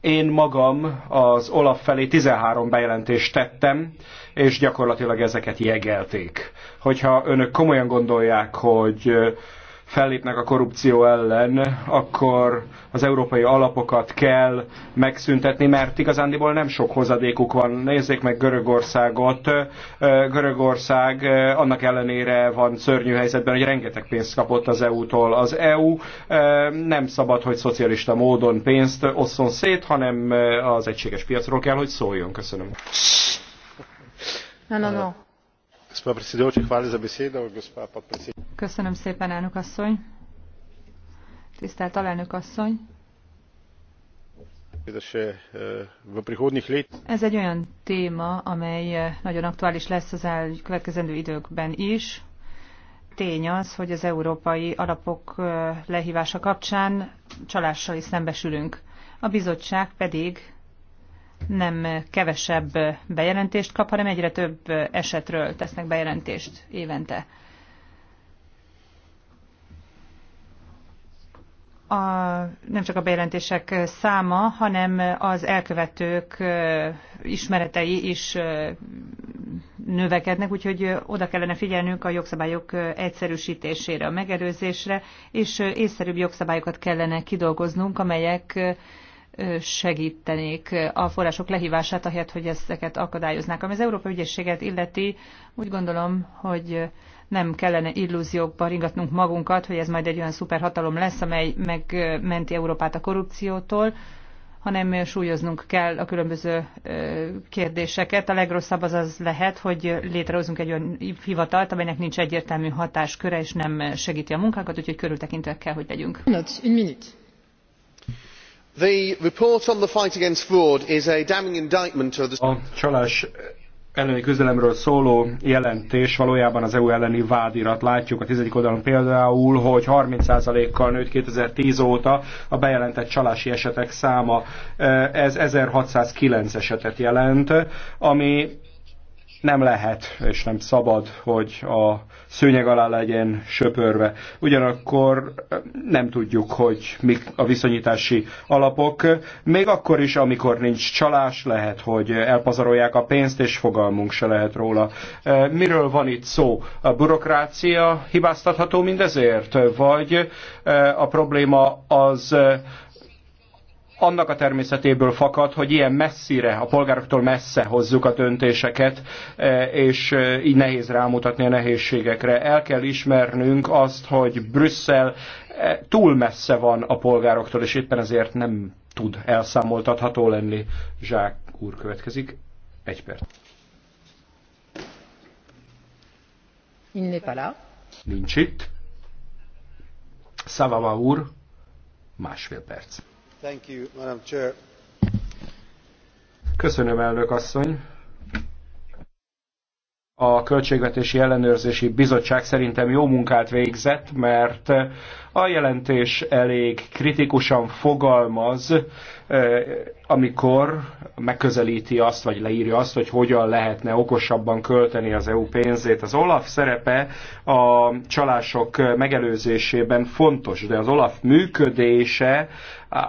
én magam az Olaf felé 13 bejelentést tettem, és gyakorlatilag ezeket jegelték. Hogyha önök komolyan gondolják, hogy fellépnek a korrupció ellen, akkor az európai alapokat kell megszüntetni, mert igazándiból nem sok hozadékuk van. Nézzék meg Görögországot. Görögország annak ellenére van szörnyű helyzetben, hogy rengeteg pénzt kapott az EU-tól. Az EU nem szabad, hogy szocialista módon pénzt osszon szét, hanem az egységes piacról kell, hogy szóljon. Köszönöm. No, no, no. Köszönöm szépen, elnök asszony. Tisztelt alelnök asszony. Eh, Ez egy olyan téma, amely eh, nagyon aktuális lesz az elkövetkezendő időkben is. Tény az, hogy az európai alapok eh, lehívása kapcsán csalással is szembesülünk. A bizottság pedig nem kevesebb bejelentést kap, hanem egyre több esetről tesznek bejelentést évente. A, nem csak a bejelentések száma, hanem az elkövetők ismeretei is növekednek, úgyhogy oda kellene figyelnünk a jogszabályok egyszerűsítésére, a megelőzésre, és észszerűbb jogszabályokat kellene kidolgoznunk, amelyek segítenék a források lehívását, ahelyett, hogy ezeket akadályoznák. Ami az Európai Ügyészséget illeti, úgy gondolom, hogy nem kellene illúziókba ringatnunk magunkat, hogy ez majd egy olyan szuperhatalom lesz, amely megmenti Európát a korrupciótól, hanem súlyoznunk kell a különböző kérdéseket. A legrosszabb az az lehet, hogy létrehozunk egy olyan hivatalt, amelynek nincs egyértelmű hatásköre, és nem segíti a munkánkat, úgyhogy körültekintőek kell, hogy legyünk. Not, a csalás elleni küzdelemről szóló jelentés valójában az EU elleni vádirat. Látjuk a 11. oldalon például, hogy 30%-kal nőtt 2010 óta a bejelentett csalási esetek száma. Ez 1609 esetet jelent, ami nem lehet és nem szabad, hogy a szőnyeg alá legyen söpörve. Ugyanakkor eh, nem tudjuk, hogy mik a viszonyítási alapok. Még akkor is, amikor nincs csalás, lehet, hogy elpazarolják a pénzt, és fogalmunk se lehet róla. Eh, miről van itt szó? A bürokrácia hibáztatható mindezért? Vagy eh, a probléma az annak a természetéből fakad, hogy ilyen messzire, a polgároktól messze hozzuk a döntéseket, e, és e, így nehéz rámutatni a nehézségekre. El kell ismernünk azt, hogy Brüsszel e, túl messze van a polgároktól, és éppen ezért nem tud elszámoltatható lenni. Zsák úr következik. Egy perc. Nincs itt. Szavava úr, másfél perc. Köszönöm, elnök asszony. A Költségvetési Ellenőrzési Bizottság szerintem jó munkát végzett, mert a jelentés elég kritikusan fogalmaz, eh, amikor megközelíti azt, vagy leírja azt, hogy hogyan lehetne okosabban költeni az EU pénzét. Az OLAF szerepe a csalások megelőzésében fontos, de az OLAF működése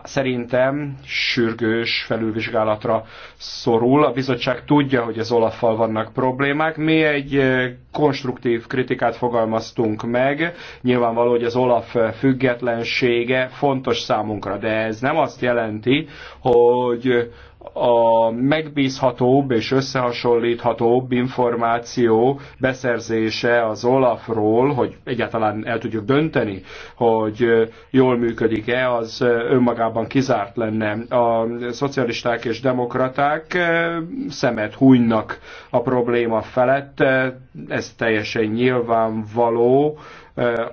szerintem sürgős felülvizsgálatra szorul. A bizottság tudja, hogy az Olaf vannak problémák. Mi egy konstruktív kritikát fogalmaztunk meg. Nyilvánvaló, hogy az olaf függetlensége fontos számunkra, de ez nem azt jelenti, hogy a megbízhatóbb és összehasonlíthatóbb információ beszerzése az Olafról, hogy egyáltalán el tudjuk dönteni, hogy jól működik-e, az önmagában kizárt lenne. A szocialisták és demokraták eh, szemet hunynak a probléma felett, eh, ez teljesen nyilvánvaló,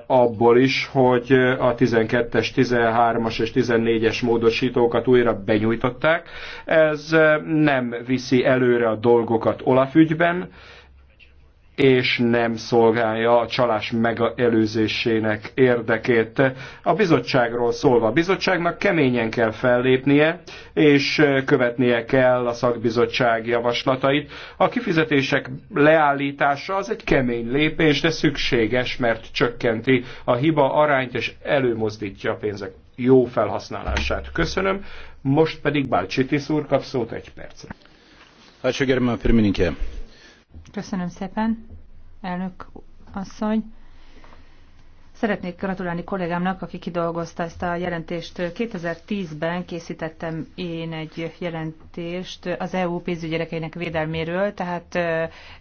abból is, hogy a 12-es, 13-as és 14-es módosítókat újra benyújtották. Ez nem viszi előre a dolgokat Olaf ügyben, és nem szolgálja a csalás megelőzésének érdekét. A bizottságról szólva, a bizottságnak keményen kell fellépnie, és követnie kell a szakbizottság javaslatait. A kifizetések leállítása az egy kemény lépés, de szükséges, mert csökkenti a hiba arányt, és előmozdítja a pénzek jó felhasználását. Köszönöm, most pedig Bálcsitis úr kap szót egy percre. Hát, Köszönöm szépen, elnök asszony. Szeretnék gratulálni kollégámnak, aki kidolgozta ezt a jelentést. 2010-ben készítettem én egy jelentést az EU pénzügyerekeinek védelméről, tehát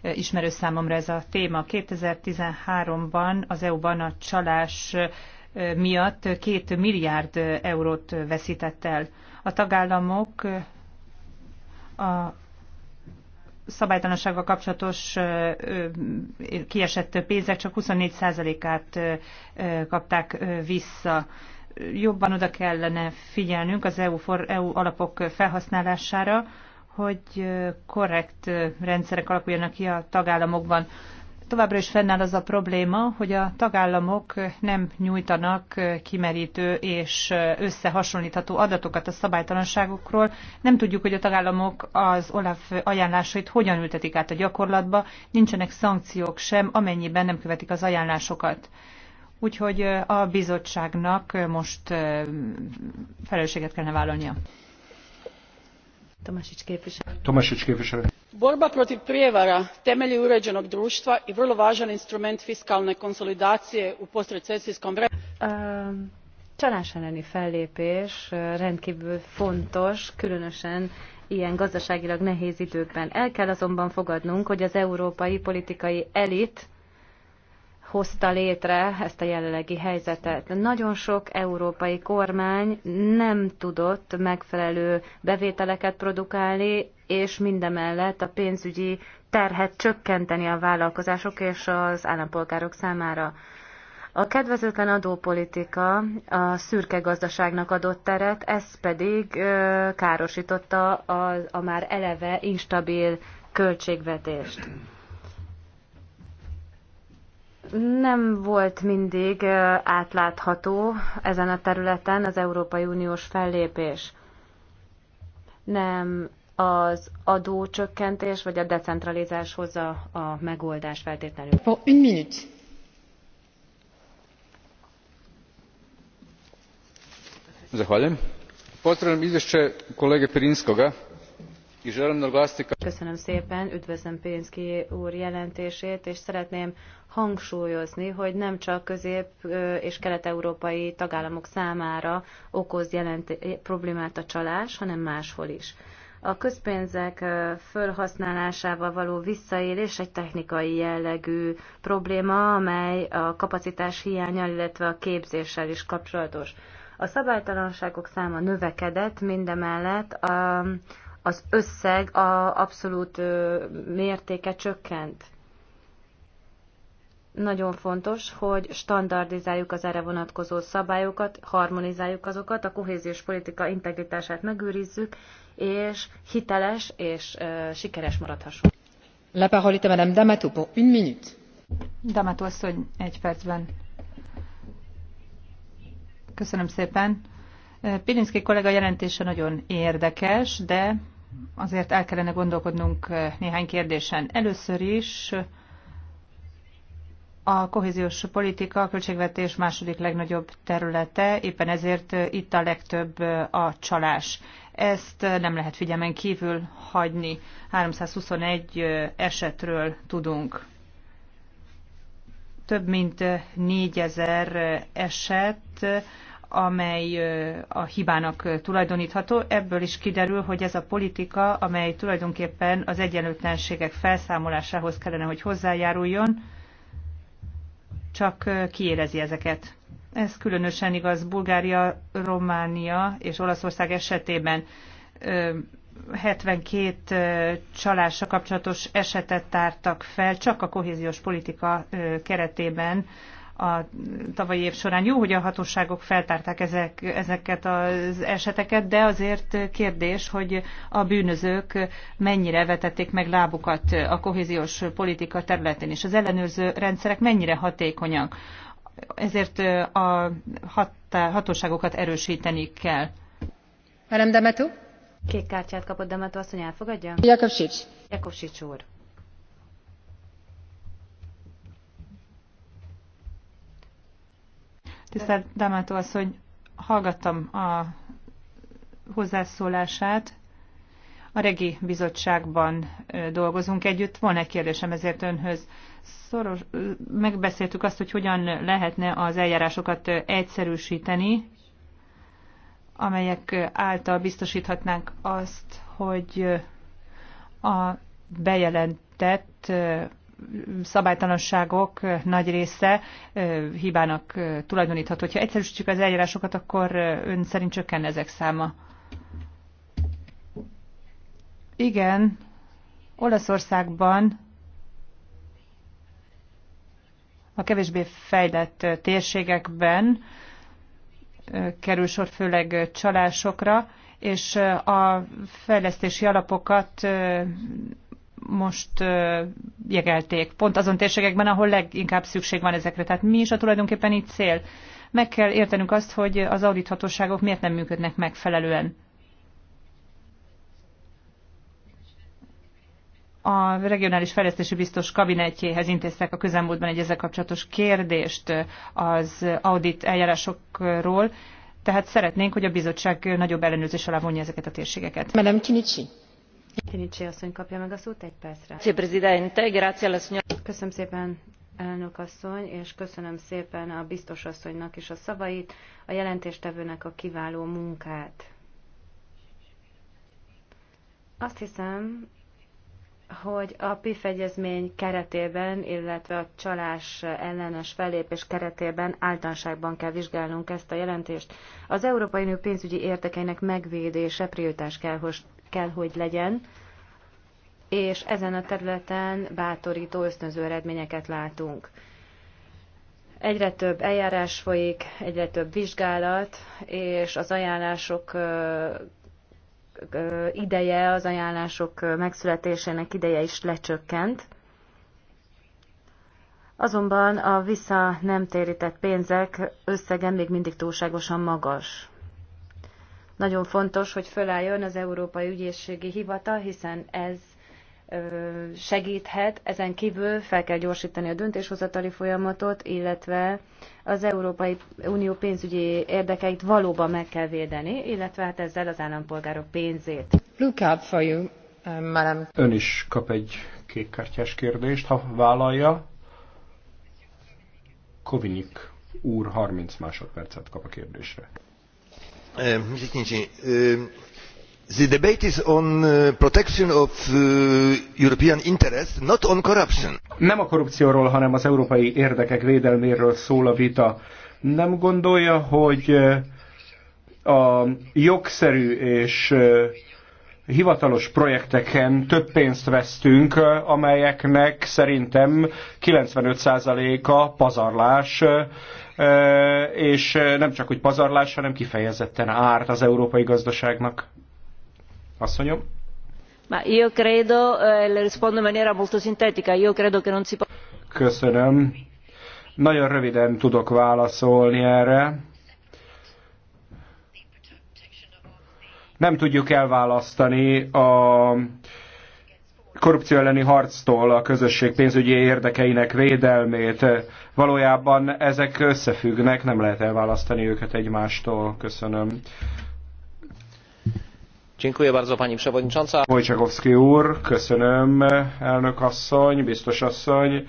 ismerő számomra ez a téma. 2013-ban az EU-ban a csalás miatt két milliárd eurót veszített el. A tagállamok a szabálytalansággal kapcsolatos kiesett pénzek csak 24%-át kapták vissza. Jobban oda kellene figyelnünk az EU, for, EU alapok felhasználására, hogy korrekt rendszerek alakuljanak ki a tagállamokban továbbra is fennáll az a probléma, hogy a tagállamok nem nyújtanak kimerítő és összehasonlítható adatokat a szabálytalanságokról. Nem tudjuk, hogy a tagállamok az OLAF ajánlásait hogyan ültetik át a gyakorlatba, nincsenek szankciók sem, amennyiben nem követik az ajánlásokat. Úgyhogy a bizottságnak most felelősséget kellene vállalnia képviselő. Borba protiv prijevara temelj ureenog drutva i vrlo vaan instrument fiskalne konsolidacije u postrecesijskom vremenu. Csalás elleni fellépés rendkívül fontos, különösen ilyen gazdaságilag nehéz időkben. El kell azonban fogadnunk, hogy az európai politikai elit hozta létre ezt a jelenlegi helyzetet. Nagyon sok európai kormány nem tudott megfelelő bevételeket produkálni, és mindemellett a pénzügyi terhet csökkenteni a vállalkozások és az állampolgárok számára. A kedvezőtlen adópolitika a szürke gazdaságnak adott teret, ez pedig károsította a, a már eleve instabil költségvetést nem volt mindig átlátható ezen a területen az Európai Uniós fellépés. Nem az adócsökkentés vagy a decentralizás hozza a megoldás feltétlenül. For une minute. Zahvaljujem. Pozdravljam izvješće kolege Pirinskoga Köszönöm szépen, üdvözlöm pirinski úr jelentését, és szeretném hangsúlyozni, hogy nem csak közép- és kelet-európai tagállamok számára okoz jelent problémát a csalás, hanem máshol is. A közpénzek felhasználásával való visszaélés egy technikai jellegű probléma, amely a kapacitás hiányal, illetve a képzéssel is kapcsolatos. A szabálytalanságok száma növekedett, mindemellett a, az összeg a abszolút mértéke csökkent. Nagyon fontos, hogy standardizáljuk az erre vonatkozó szabályokat, harmonizáljuk azokat, a kohéziós politika integritását megőrizzük, és hiteles és sikeres maradhassunk. La parole est à Madame D'Amato pour une minute. D'Amato asszony, egy percben. Köszönöm szépen. Pilinszki kollega jelentése nagyon érdekes, de azért el kellene gondolkodnunk néhány kérdésen. Először is a kohéziós politika a költségvetés második legnagyobb területe, éppen ezért itt a legtöbb a csalás. Ezt nem lehet figyelmen kívül hagyni. 321 esetről tudunk. Több mint 4000 eset amely a hibának tulajdonítható. Ebből is kiderül, hogy ez a politika, amely tulajdonképpen az egyenlőtlenségek felszámolásához kellene, hogy hozzájáruljon, csak kiérezi ezeket. Ez különösen igaz Bulgária, Románia és Olaszország esetében. 72 csalásra kapcsolatos esetet tártak fel, csak a kohéziós politika keretében a tavalyi év során. Jó, hogy a hatóságok feltárták ezek, ezeket az eseteket, de azért kérdés, hogy a bűnözők mennyire vetették meg lábukat a kohéziós politika területén, és az ellenőrző rendszerek mennyire hatékonyak. Ezért a hatá, hatóságokat erősíteni kell. Madame Kék kártyát kapott azt mondja, elfogadja? Jakob Sics. Jakob Sics úr. Tisztelt az hogy hallgattam a hozzászólását. A Regi Bizottságban dolgozunk együtt. Van egy kérdésem ezért önhöz. Szoros, megbeszéltük azt, hogy hogyan lehetne az eljárásokat egyszerűsíteni, amelyek által biztosíthatnánk azt, hogy a bejelentett szabálytalanságok nagy része hibának tulajdonítható. Hogyha egyszerűsítjük az eljárásokat, akkor ön szerint csökken ezek száma. Igen, Olaszországban a kevésbé fejlett térségekben kerül sor főleg csalásokra, és a fejlesztési alapokat most jegelték, pont azon térségekben, ahol leginkább szükség van ezekre. Tehát mi is a tulajdonképpen itt cél? Meg kell értenünk azt, hogy az audíthatóságok miért nem működnek megfelelően. a regionális fejlesztési biztos kabinetjéhez intéztek a közelmúltban egy ezzel kapcsolatos kérdést az audit eljárásokról, tehát szeretnénk, hogy a bizottság nagyobb ellenőrzés alá vonja ezeket a térségeket. Madame Kinicsi. Tinicsi asszony kapja meg a szót egy percre. Köszönöm szépen, elnök asszony, és köszönöm szépen a biztos asszonynak is a szavait, a jelentéstevőnek a kiváló munkát. Azt hiszem, hogy a PIF egyezmény keretében, illetve a csalás ellenes fellépés keretében általánosságban kell vizsgálnunk ezt a jelentést. Az Európai Unió pénzügyi érdekeinek megvédése prioritás kell, hogy kell, hogy legyen, és ezen a területen bátorító, ösztönző eredményeket látunk. Egyre több eljárás folyik, egyre több vizsgálat, és az ajánlások ideje, az ajánlások megszületésének ideje is lecsökkent. Azonban a vissza nem térített pénzek összege még mindig túlságosan magas. Nagyon fontos, hogy fölálljon az Európai Ügyészségi Hivatal, hiszen ez segíthet, ezen kívül fel kell gyorsítani a döntéshozatali folyamatot, illetve az Európai Unió pénzügyi érdekeit valóban meg kell védeni, illetve hát ezzel az állampolgárok pénzét. for you, uh, Ön is kap egy kékkártyás kérdést, ha vállalja. Kovinik úr 30 másodpercet kap a kérdésre. E, e, the debate is on e, protection of european interests not on corruption. nem a korrupcióról hanem az európai érdekek védelméről szól a vita. nem gondolja hogy a jogszerű és hivatalos projekteken több pénzt vesztünk, amelyeknek szerintem 95%-a pazarlás, és nem csak hogy pazarlás, hanem kifejezetten árt az európai gazdaságnak. Asszonyom? Ma io credo, eh, le rispondo in maniera molto sintetica, io credo che non si può... Köszönöm. Nagyon röviden tudok válaszolni erre. Nem tudjuk elválasztani a korrupció elleni harctól a közösség pénzügyi érdekeinek védelmét. Valójában ezek összefüggnek, nem lehet elválasztani őket egymástól. Köszönöm. Dziękuję bardzo pani przewodnicząca. Wojciechowski úr, köszönöm, elnök asszony, biztos asszony,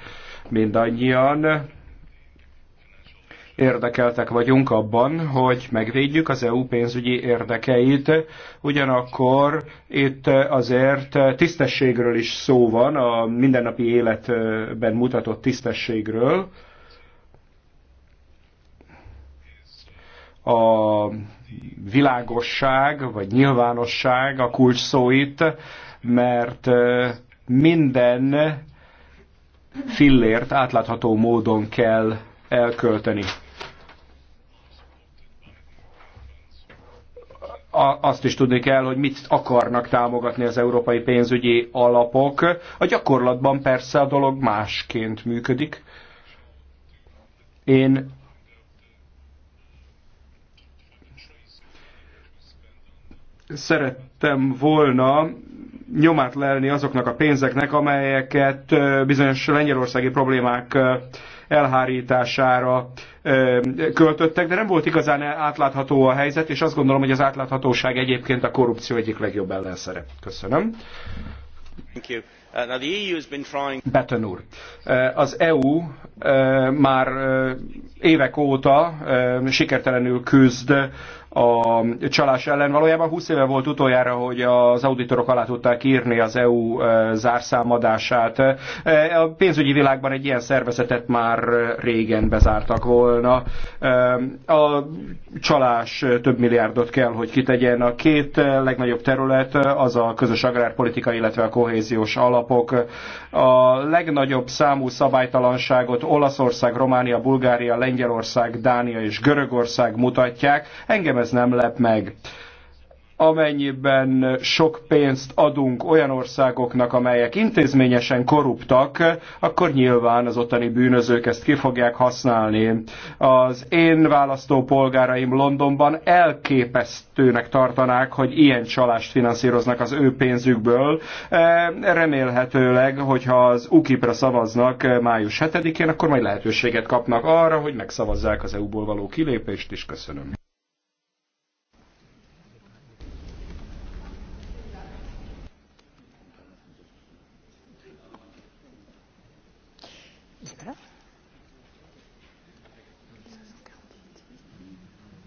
mindannyian érdekeltek vagyunk abban, hogy megvédjük az EU pénzügyi érdekeit, ugyanakkor itt azért tisztességről is szó van, a mindennapi életben mutatott tisztességről, a világosság vagy nyilvánosság a kulcs szó itt, mert minden fillért átlátható módon kell elkölteni. azt is tudni kell, hogy mit akarnak támogatni az európai pénzügyi alapok. A gyakorlatban persze a dolog másként működik. Én szerettem volna nyomát lelni azoknak a pénzeknek, amelyeket bizonyos lengyelországi problémák elhárítására költöttek, de nem volt igazán átlátható a helyzet, és azt gondolom, hogy az átláthatóság egyébként a korrupció egyik legjobb ellenszere. Köszönöm. Uh, e Batten úr, az EU már évek óta sikertelenül küzd a csalás ellen. Valójában 20 éve volt utoljára, hogy az auditorok alá tudták írni az EU eh, zárszámadását. Eh, a pénzügyi világban egy ilyen szervezetet már régen bezártak volna. Eh, a csalás több milliárdot kell, hogy kitegyen. A két legnagyobb terület az a közös agrárpolitika, illetve a kohéziós alapok. A legnagyobb számú szabálytalanságot Olaszország, Románia, Bulgária, Lengyelország, Dánia és Görögország mutatják. Engem ez ez nem lep meg amennyiben sok pénzt adunk olyan országoknak, amelyek intézményesen korruptak, akkor nyilván az ottani bűnözők ezt ki fogják használni. Az én választópolgáraim Londonban elképesztőnek tartanák, hogy ilyen csalást finanszíroznak az ő pénzükből. E, remélhetőleg, hogyha az UKIP-ra szavaznak május 7-én, akkor majd lehetőséget kapnak arra, hogy megszavazzák az EU-ból való kilépést is. Köszönöm.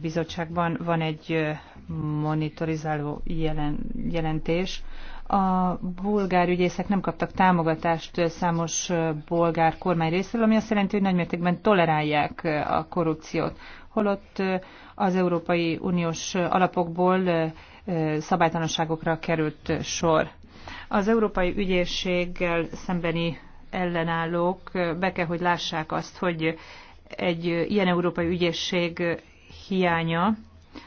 bizottságban van egy monitorizáló jelen, jelentés. A bolgár ügyészek nem kaptak támogatást számos bolgár kormány részéről, ami azt jelenti, hogy nagymértékben tolerálják a korrupciót. Holott az Európai Uniós alapokból szabálytalanságokra került sor. Az Európai Ügyészséggel szembeni ellenállók be kell, hogy lássák azt, hogy egy ilyen európai ügyészség hiánya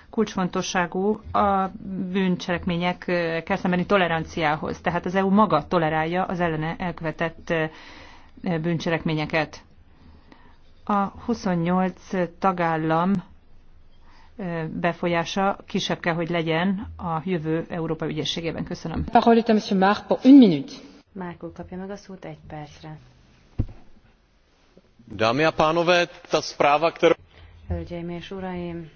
kulcsfontosságú a bűncselekmények szembeni toleranciához. Tehát az EU maga tolerálja az ellene elkövetett bűncselekményeket. A 28 tagállam befolyása kisebb kell, hogy legyen a jövő Európa ügyességében. Köszönöm. monsieur Márkó kapja meg a szót egy percre. Dámy a pánové, ta zpráva, kterou... Hölgyeim és uraim!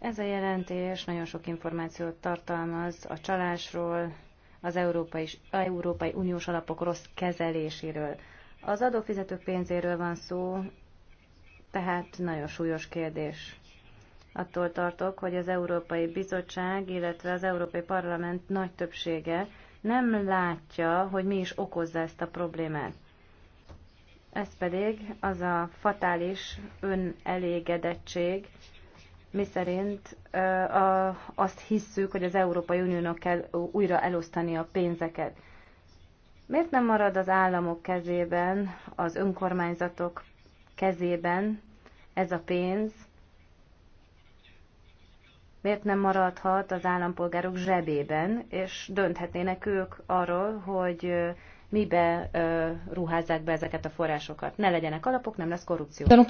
Ez a jelentés nagyon sok információt tartalmaz a csalásról, az Európai, Európai Uniós alapok rossz kezeléséről. Az adófizetők pénzéről van szó, tehát nagyon súlyos kérdés. Attól tartok, hogy az Európai Bizottság, illetve az Európai Parlament nagy többsége nem látja, hogy mi is okozza ezt a problémát. Ez pedig az a fatális önelégedettség, miszerint azt hisszük, hogy az Európai Uniónak kell újra elosztani a pénzeket. Miért nem marad az államok kezében, az önkormányzatok kezében ez a pénz? Miért nem maradhat az állampolgárok zsebében, és dönthetnének ők arról, hogy mibe ö, ruházzák be ezeket a forrásokat. Ne legyenek alapok, nem lesz korrupció. Catch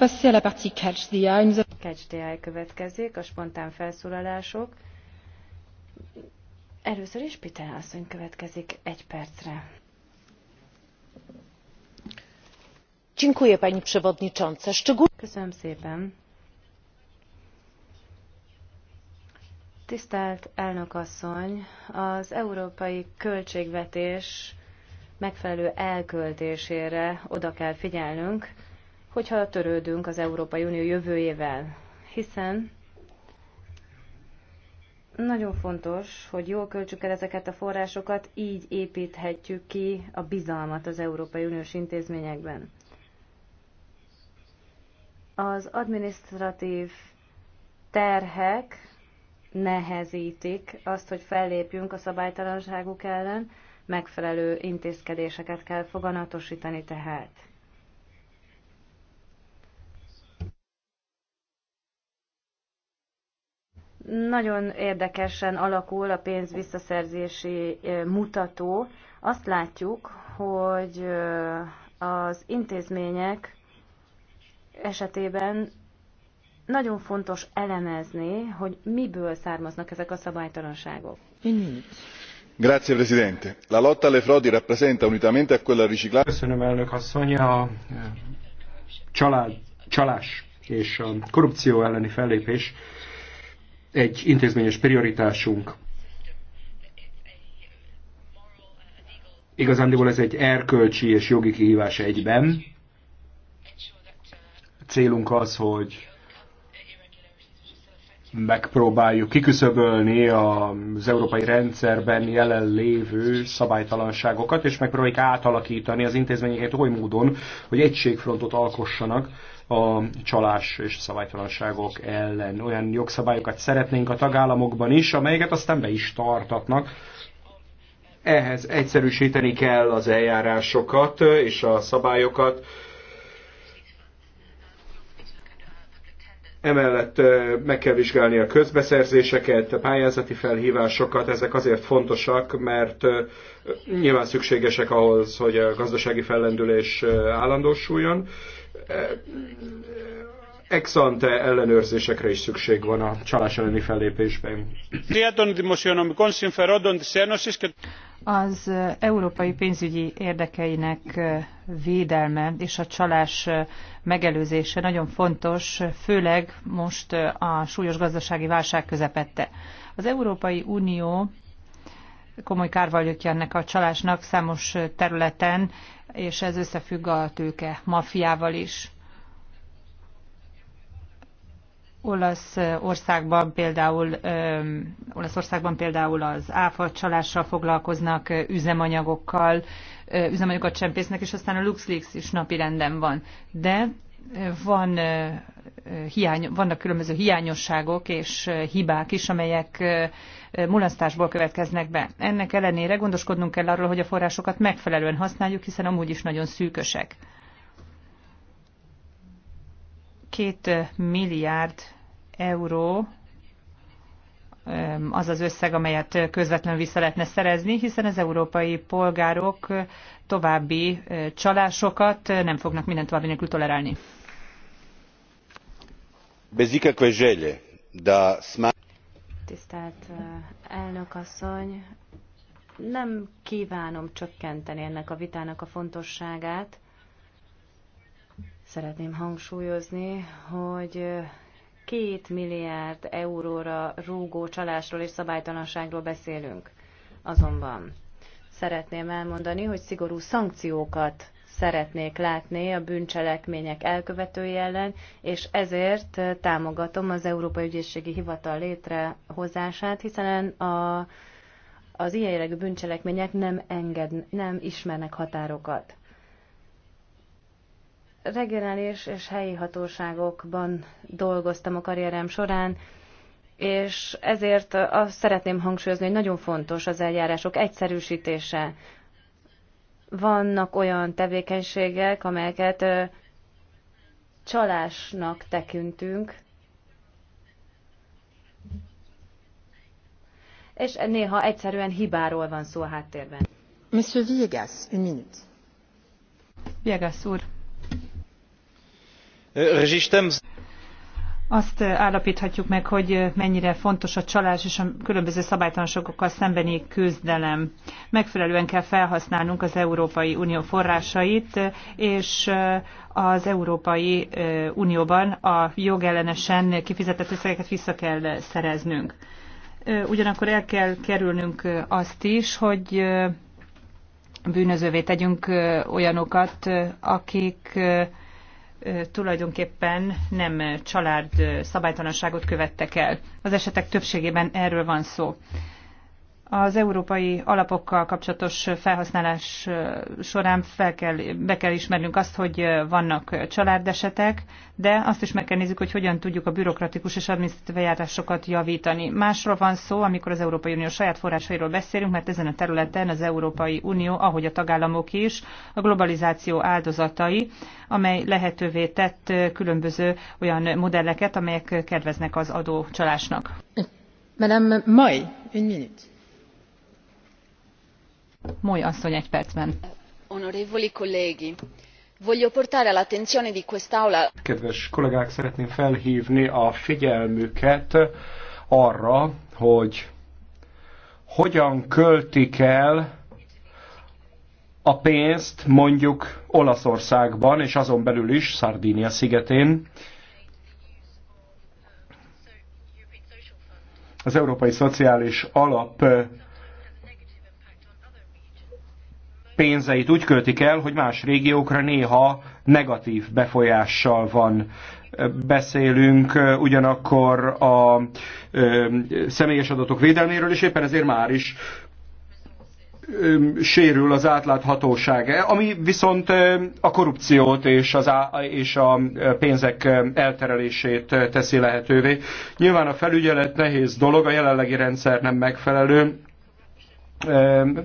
the Eye. következik, a spontán felszólalások. Először is Pite asszony következik egy percre. Dziękuję pani przewodnicząca. Szczegól... Köszönöm szépen. Tisztelt elnök asszony, az európai költségvetés megfelelő elköltésére oda kell figyelnünk, hogyha törődünk az Európai Unió jövőjével, hiszen nagyon fontos, hogy jól költsük el ezeket a forrásokat, így építhetjük ki a bizalmat az Európai Uniós intézményekben. Az administratív terhek nehezítik azt, hogy fellépjünk a szabálytalanságuk ellen, megfelelő intézkedéseket kell foganatosítani tehát. Nagyon érdekesen alakul a pénz visszaszerzési mutató. Azt látjuk, hogy az intézmények esetében nagyon fontos elemezni, hogy miből származnak ezek a szabálytalanságok signor presidente onorevoli colleghi la lotta alle frodi rappresenta unitamente a quella al riciclaggio. a csalás és a korrupció elleni fellépés egy intézményes prioritásunk. Igazándiból ez egy erkölcsi és jogi kihívás egyben. A célunk az, hogy megpróbáljuk kiküszöbölni az európai rendszerben jelenlévő szabálytalanságokat, és megpróbáljuk átalakítani az intézményeket oly módon, hogy egységfrontot alkossanak a csalás és szabálytalanságok ellen. Olyan jogszabályokat szeretnénk a tagállamokban is, amelyeket aztán be is tartatnak. Ehhez egyszerűsíteni kell az eljárásokat és a szabályokat, Emellett meg kell vizsgálni a közbeszerzéseket, a pályázati felhívásokat, ezek azért fontosak, mert nyilván szükségesek ahhoz, hogy a gazdasági fellendülés állandósuljon. Exante ellenőrzésekre is szükség van a csalás elleni fellépésben. Az európai pénzügyi érdekeinek védelme és a csalás megelőzése nagyon fontos, főleg most a súlyos gazdasági válság közepette. Az Európai Unió komoly kárvalyokja ennek a csalásnak számos területen, és ez összefügg a tőke mafiával is. Olaszországban például, Olaszországban például az áfa csalással foglalkoznak, üzemanyagokkal, üzemanyagokat csempésznek, és aztán a LuxLeaks is napirenden van. De van, hiány, vannak különböző hiányosságok és hibák is, amelyek mulasztásból következnek be. Ennek ellenére gondoskodnunk kell arról, hogy a forrásokat megfelelően használjuk, hiszen amúgy is nagyon szűkösek. Két milliárd euró az az összeg, amelyet közvetlenül vissza lehetne szerezni, hiszen az európai polgárok további eh, csalásokat eh, nem fognak minden további nélkül tolerálni. sma... Tisztelt eh, elnök asszony, nem kívánom csökkenteni ennek a vitának a fontosságát. Szeretném hangsúlyozni, hogy két milliárd euróra rúgó csalásról és szabálytalanságról beszélünk. Azonban szeretném elmondani, hogy szigorú szankciókat szeretnék látni a bűncselekmények elkövetői ellen, és ezért támogatom az Európai Ügyészségi Hivatal létrehozását, hiszen a, az ilyen jellegű bűncselekmények nem, enged, nem ismernek határokat regionális és helyi hatóságokban dolgoztam a karrierem során, és ezért azt szeretném hangsúlyozni, hogy nagyon fontos az eljárások egyszerűsítése. Vannak olyan tevékenységek, amelyeket csalásnak tekintünk, és néha egyszerűen hibáról van szó a háttérben. Monsieur Villegas, une minute. Villegas úr, azt eh, állapíthatjuk meg, hogy eh, mennyire fontos a csalás és a különböző szabálytalanságokkal szembeni küzdelem. Megfelelően kell felhasználnunk az Európai Unió forrásait, eh, és az Európai Unióban a jogellenesen kifizetett összegeket vissza kell szereznünk. Ugyanakkor el kell kerülnünk azt is, hogy bűnözővé tegyünk olyanokat, akik tulajdonképpen nem család szabálytalanságot követtek el. Az esetek többségében erről van szó az európai alapokkal kapcsolatos felhasználás során fel kell, be kell ismernünk azt, hogy vannak családesetek, de azt is meg kell nézzük, hogy hogyan tudjuk a bürokratikus és adminisztratív eljárásokat javítani. Másról van szó, amikor az Európai Unió saját forrásairól beszélünk, mert ezen a területen az Európai Unió, ahogy a tagállamok is, a globalizáció áldozatai, amely lehetővé tett különböző olyan modelleket, amelyek kedveznek az adócsalásnak. Madame May, une minute. Moly asszony egy percben. kollégi, voglio portare di quest'aula. Kedves kollégák, szeretném felhívni a figyelmüket arra, hogy hogyan költik el a pénzt mondjuk Olaszországban, és azon belül is Szardínia szigetén. Az Európai Szociális Alap pénzeit úgy költik el, hogy más régiókra néha negatív befolyással van beszélünk ugyanakkor a személyes adatok védelméről, és éppen ezért már is sérül az átláthatóság, ami viszont a korrupciót és, az á, és a pénzek elterelését teszi lehetővé. Nyilván a felügyelet nehéz dolog, a jelenlegi rendszer nem megfelelő,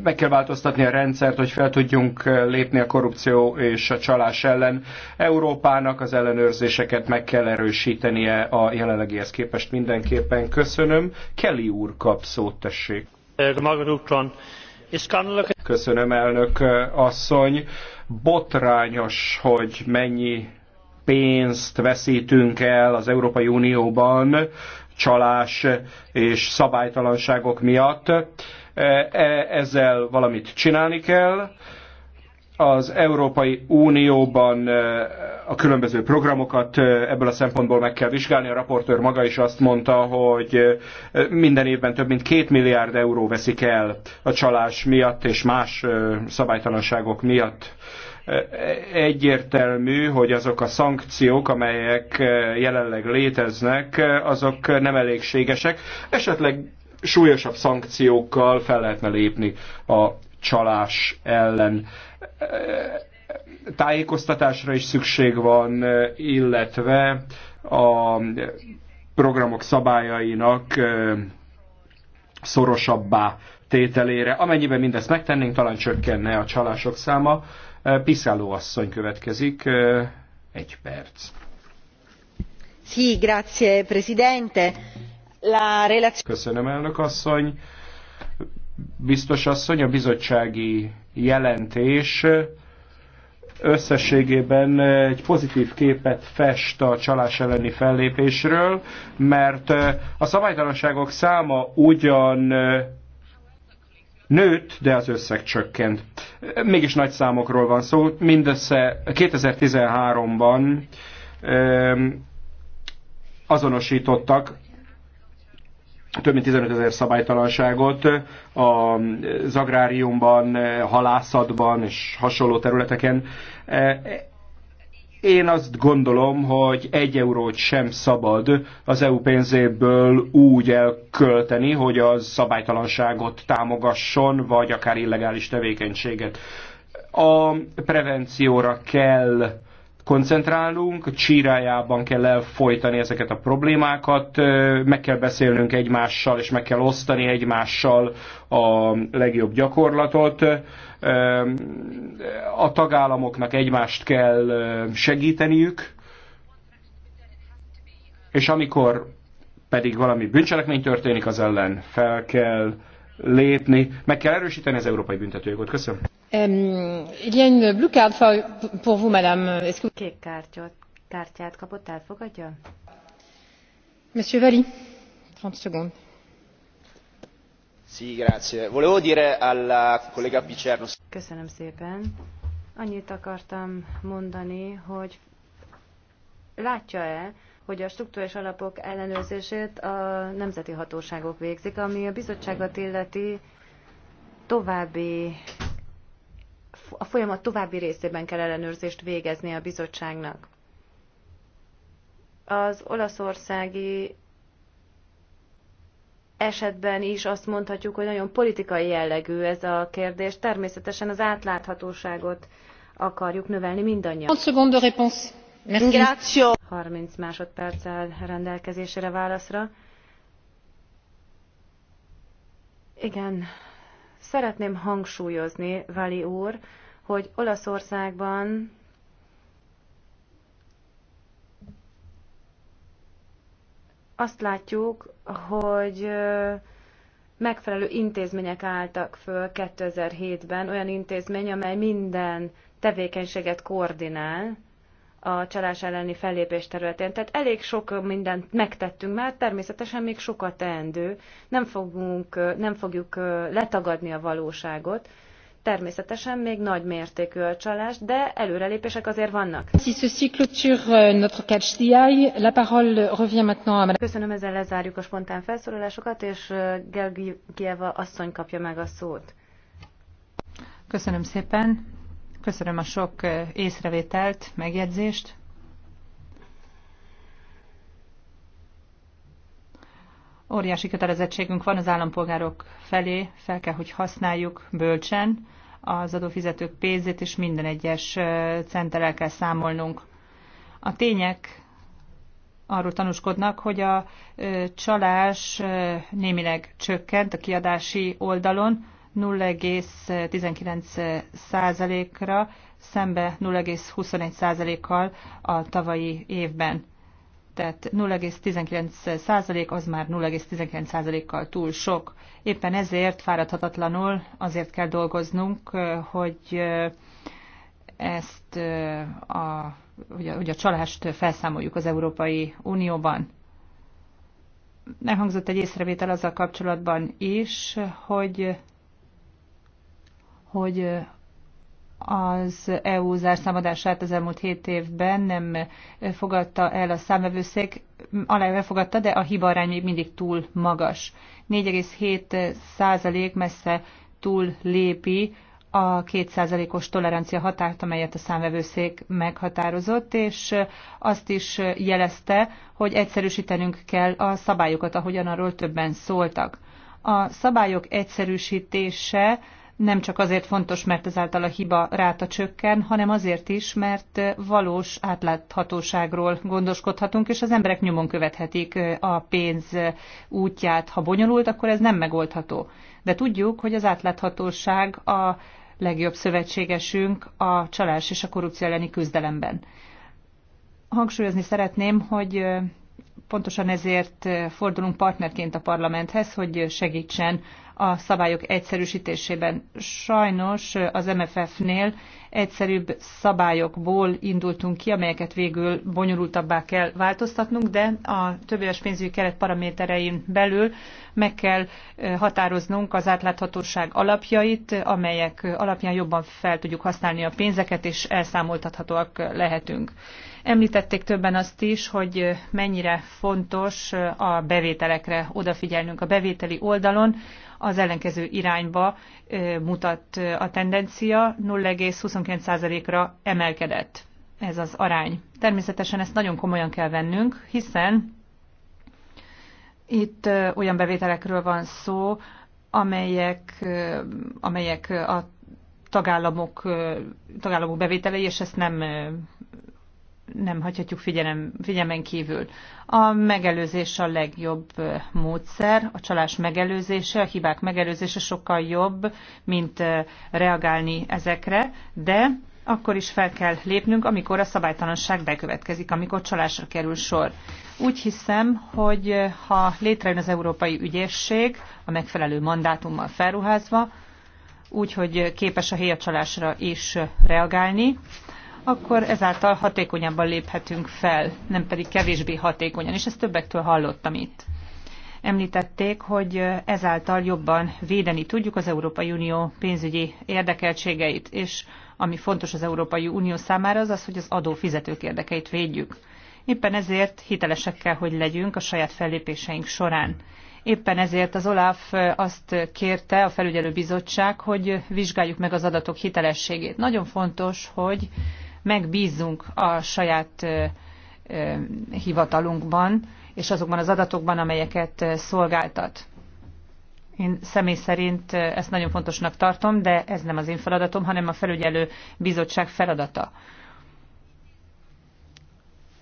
meg kell változtatni a rendszert, hogy fel tudjunk lépni a korrupció és a csalás ellen. Európának az ellenőrzéseket meg kell erősítenie a jelenlegihez képest mindenképpen. Köszönöm. Kelly úr kap szót, tessék. Köszönöm, elnök asszony. Botrányos, hogy mennyi pénzt veszítünk el az Európai Unióban csalás és szabálytalanságok miatt E, e, ezzel valamit csinálni kell. Az Európai Unióban e, a különböző programokat ebből a szempontból meg kell vizsgálni. A raportőr maga is azt mondta, hogy minden évben több mint két milliárd euró veszik el a csalás miatt és más szabálytalanságok miatt egyértelmű, hogy azok a szankciók, amelyek jelenleg léteznek, azok nem elégségesek. Esetleg súlyosabb szankciókkal fel lehetne lépni a csalás ellen. Tájékoztatásra is szükség van, illetve a programok szabályainak szorosabbá tételére. Amennyiben mindezt megtennénk, talán csökkenne a csalások száma. Piszáló asszony következik. Egy perc. Sí, grazie, presidente. Köszönöm, elnök asszony. Biztos asszony, a bizottsági jelentés összességében egy pozitív képet fest a csalás elleni fellépésről, mert a szabálytalanságok száma ugyan nőtt, de az összeg csökkent. Mégis nagy számokról van szó. Mindössze 2013-ban azonosítottak több mint 15 ezer szabálytalanságot az agráriumban, halászatban és hasonló területeken. E, én azt gondolom, hogy egy eurót sem szabad az EU pénzéből úgy elkölteni, hogy az szabálytalanságot támogasson, vagy akár illegális tevékenységet. A prevencióra kell koncentrálunk, csírájában kell elfolytani ezeket a problémákat, meg kell beszélnünk egymással, és meg kell osztani egymással a legjobb gyakorlatot. A tagállamoknak egymást kell segíteniük, és amikor pedig valami bűncselekmény történik az ellen, fel kell lépni, meg kell erősíteni az európai büntetőjogot. Köszönöm a blue card kapott, Volevo dire alla collega Köszönöm szépen. Annyit akartam mondani, hogy látja-e, hogy a struktúrás alapok ellenőrzését a nemzeti hatóságok végzik, ami a bizottságot illeti további a folyamat további részében kell ellenőrzést végezni a bizottságnak. Az olaszországi esetben is azt mondhatjuk, hogy nagyon politikai jellegű ez a kérdés. Természetesen az átláthatóságot akarjuk növelni mindannyian. 30 másodperccel rendelkezésére válaszra. Igen, szeretném hangsúlyozni, Vali úr, hogy Olaszországban azt látjuk, hogy megfelelő intézmények álltak föl 2007-ben, olyan intézmény, amely minden tevékenységet koordinál a csalás elleni fellépés területén. Tehát elég sok mindent megtettünk már, természetesen még sokat teendő, nem, fogunk, nem fogjuk letagadni a valóságot, Természetesen még nagy mértékű a csalás, de előrelépések azért vannak. Euh, Köszönöm, ezzel lezárjuk a spontán felszólalásokat, és euh, Gergieva asszony kapja meg a szót. Köszönöm szépen. Köszönöm a sok euh, észrevételt, megjegyzést. Óriási kötelezettségünk van az állampolgárok felé, fel kell, hogy használjuk bölcsen az adófizetők pénzét, és minden egyes centtel el kell számolnunk. A tények arról tanúskodnak, hogy a csalás némileg csökkent a kiadási oldalon 0,19%-ra, szembe 0,21%-kal a tavalyi évben tehát 0,19% százalék az már 019 százalékkal túl sok. Éppen ezért fáradhatatlanul azért kell dolgoznunk, hogy ezt a, hogy a, hogy a csalást felszámoljuk az Európai Unióban. Meghangzott egy észrevétel azzal kapcsolatban is, hogy, hogy az EU zárszámadását az elmúlt hét évben nem fogadta el a számvevőszék, alá elfogadta, de a arány még mindig túl magas. 4,7 százalék messze túl lépi a kétszázalékos tolerancia határt, amelyet a számvevőszék meghatározott, és azt is jelezte, hogy egyszerűsítenünk kell a szabályokat, ahogyan arról többen szóltak. A szabályok egyszerűsítése nem csak azért fontos, mert ezáltal a hiba ráta csökken, hanem azért is, mert valós átláthatóságról gondoskodhatunk, és az emberek nyomon követhetik a pénz útját. Ha bonyolult, akkor ez nem megoldható. De tudjuk, hogy az átláthatóság a legjobb szövetségesünk a csalás és a korrupció elleni küzdelemben. Hangsúlyozni szeretném, hogy pontosan ezért fordulunk partnerként a parlamenthez, hogy segítsen a szabályok egyszerűsítésében. Sajnos az MFF-nél egyszerűbb szabályokból indultunk ki, amelyeket végül bonyolultabbá kell változtatnunk, de a többéves pénzügyi keret paraméterein belül meg kell határoznunk az átláthatóság alapjait, amelyek alapján jobban fel tudjuk használni a pénzeket, és elszámoltathatóak lehetünk. Említették többen azt is, hogy mennyire fontos a bevételekre odafigyelnünk a bevételi oldalon, az ellenkező irányba mutat a tendencia, 0,29%-ra emelkedett ez az arány. Természetesen ezt nagyon komolyan kell vennünk, hiszen itt olyan bevételekről van szó, amelyek, amelyek a tagállamok, tagállamok bevételei, és ezt nem nem hagyhatjuk figyelem, figyelmen kívül. A megelőzés a legjobb módszer, a csalás megelőzése, a hibák megelőzése sokkal jobb, mint reagálni ezekre, de akkor is fel kell lépnünk, amikor a szabálytalanság bekövetkezik, amikor csalásra kerül sor. Úgy hiszem, hogy ha létrejön az Európai Ügyészség a megfelelő mandátummal felruházva, úgy, hogy képes a héjacsalásra is reagálni, akkor ezáltal hatékonyabban léphetünk fel, nem pedig kevésbé hatékonyan, és ezt többektől hallottam itt. Említették, hogy ezáltal jobban védeni tudjuk az Európai Unió pénzügyi érdekeltségeit, és ami fontos az Európai Unió számára az az, hogy az adófizetők érdekeit védjük. Éppen ezért hitelesek kell, hogy legyünk a saját fellépéseink során. Éppen ezért az OLAF azt kérte, a felügyelőbizottság, hogy vizsgáljuk meg az adatok hitelességét. Nagyon fontos, hogy megbízunk a saját hivatalunkban, és azokban az adatokban, amelyeket szolgáltat. Én személy szerint ezt nagyon fontosnak tartom, de ez nem az én feladatom, hanem a felügyelő bizottság feladata.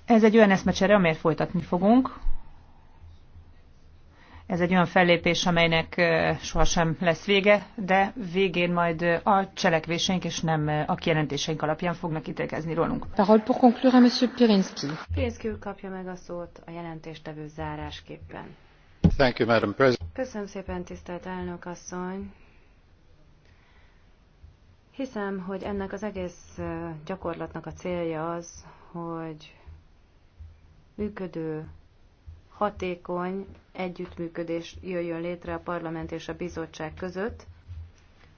Ez egy olyan eszmecsere, amelyet folytatni fogunk, ez egy olyan fellépés, amelynek sohasem lesz vége, de végén majd a cselekvéseink és nem a kijelentéseink alapján fognak ítélkezni rólunk. Parole pour conclure Monsieur Pirinski. Pirinski úr kapja meg a szót a jelentéstevő zárásképpen. Thank you, Madam President. Köszönöm szépen, tisztelt elnök asszony. Hiszem, hogy ennek az egész gyakorlatnak a célja az, hogy működő hatékony együttműködés jöjjön létre a parlament és a bizottság között,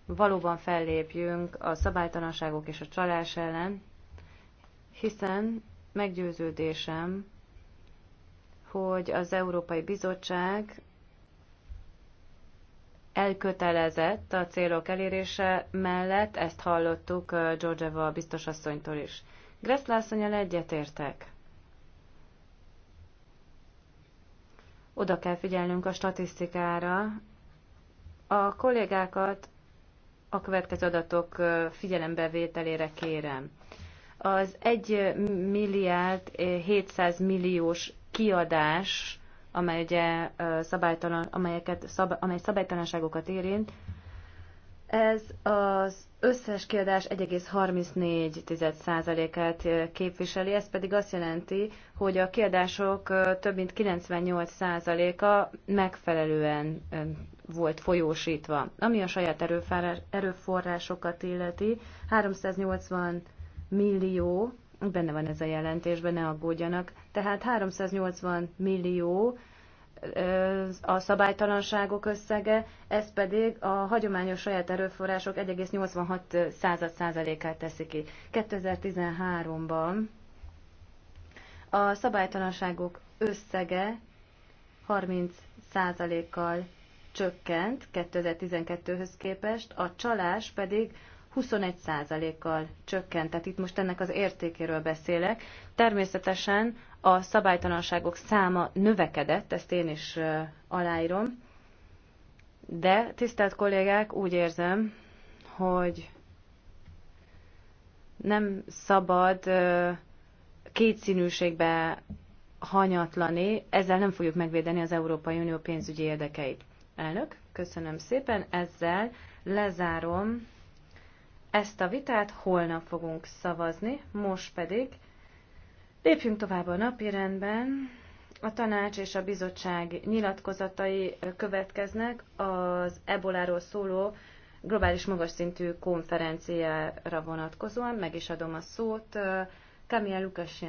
valóban fellépjünk a szabálytalanságok és a csalás ellen, hiszen meggyőződésem, hogy az Európai Bizottság elkötelezett a célok elérése mellett, ezt hallottuk uh, Georgeva biztosasszonytól is. Lászonyal egyetértek. oda kell figyelnünk a statisztikára. A kollégákat a következő adatok figyelembevételére kérem. Az 1 milliárd 700 milliós kiadás, amely ugye szabálytalan, amelyeket, szab, amely szabálytalanságokat érint, ez az összes kiadás 1,34%-át eh, képviseli, ez pedig azt jelenti, hogy a kiadások eh, több mint 98%-a megfelelően eh, volt folyósítva. Ami a saját erőforrásokat illeti, 380 millió, benne van ez a jelentésben, ne aggódjanak, tehát 380 millió a szabálytalanságok összege, ez pedig a hagyományos saját erőforrások 186 százalékát teszi ki. 2013-ban a szabálytalanságok összege 30 százalékkal csökkent 2012-höz képest, a csalás pedig 21 százalékkal csökkent. Tehát itt most ennek az értékéről beszélek. Természetesen a szabálytalanságok száma növekedett, ezt én is aláírom, de tisztelt kollégák, úgy érzem, hogy nem szabad kétszínűségbe hanyatlani, ezzel nem fogjuk megvédeni az Európai Unió pénzügyi érdekeit. Elnök, köszönöm szépen, ezzel lezárom ezt a vitát, holnap fogunk szavazni, most pedig Lépjünk tovább a rendben. A tanács és a bizottság nyilatkozatai következnek az Ebola-ról szóló globális magas szintű konferenciára vonatkozóan. Meg is adom a szót uh, Kamil Lukas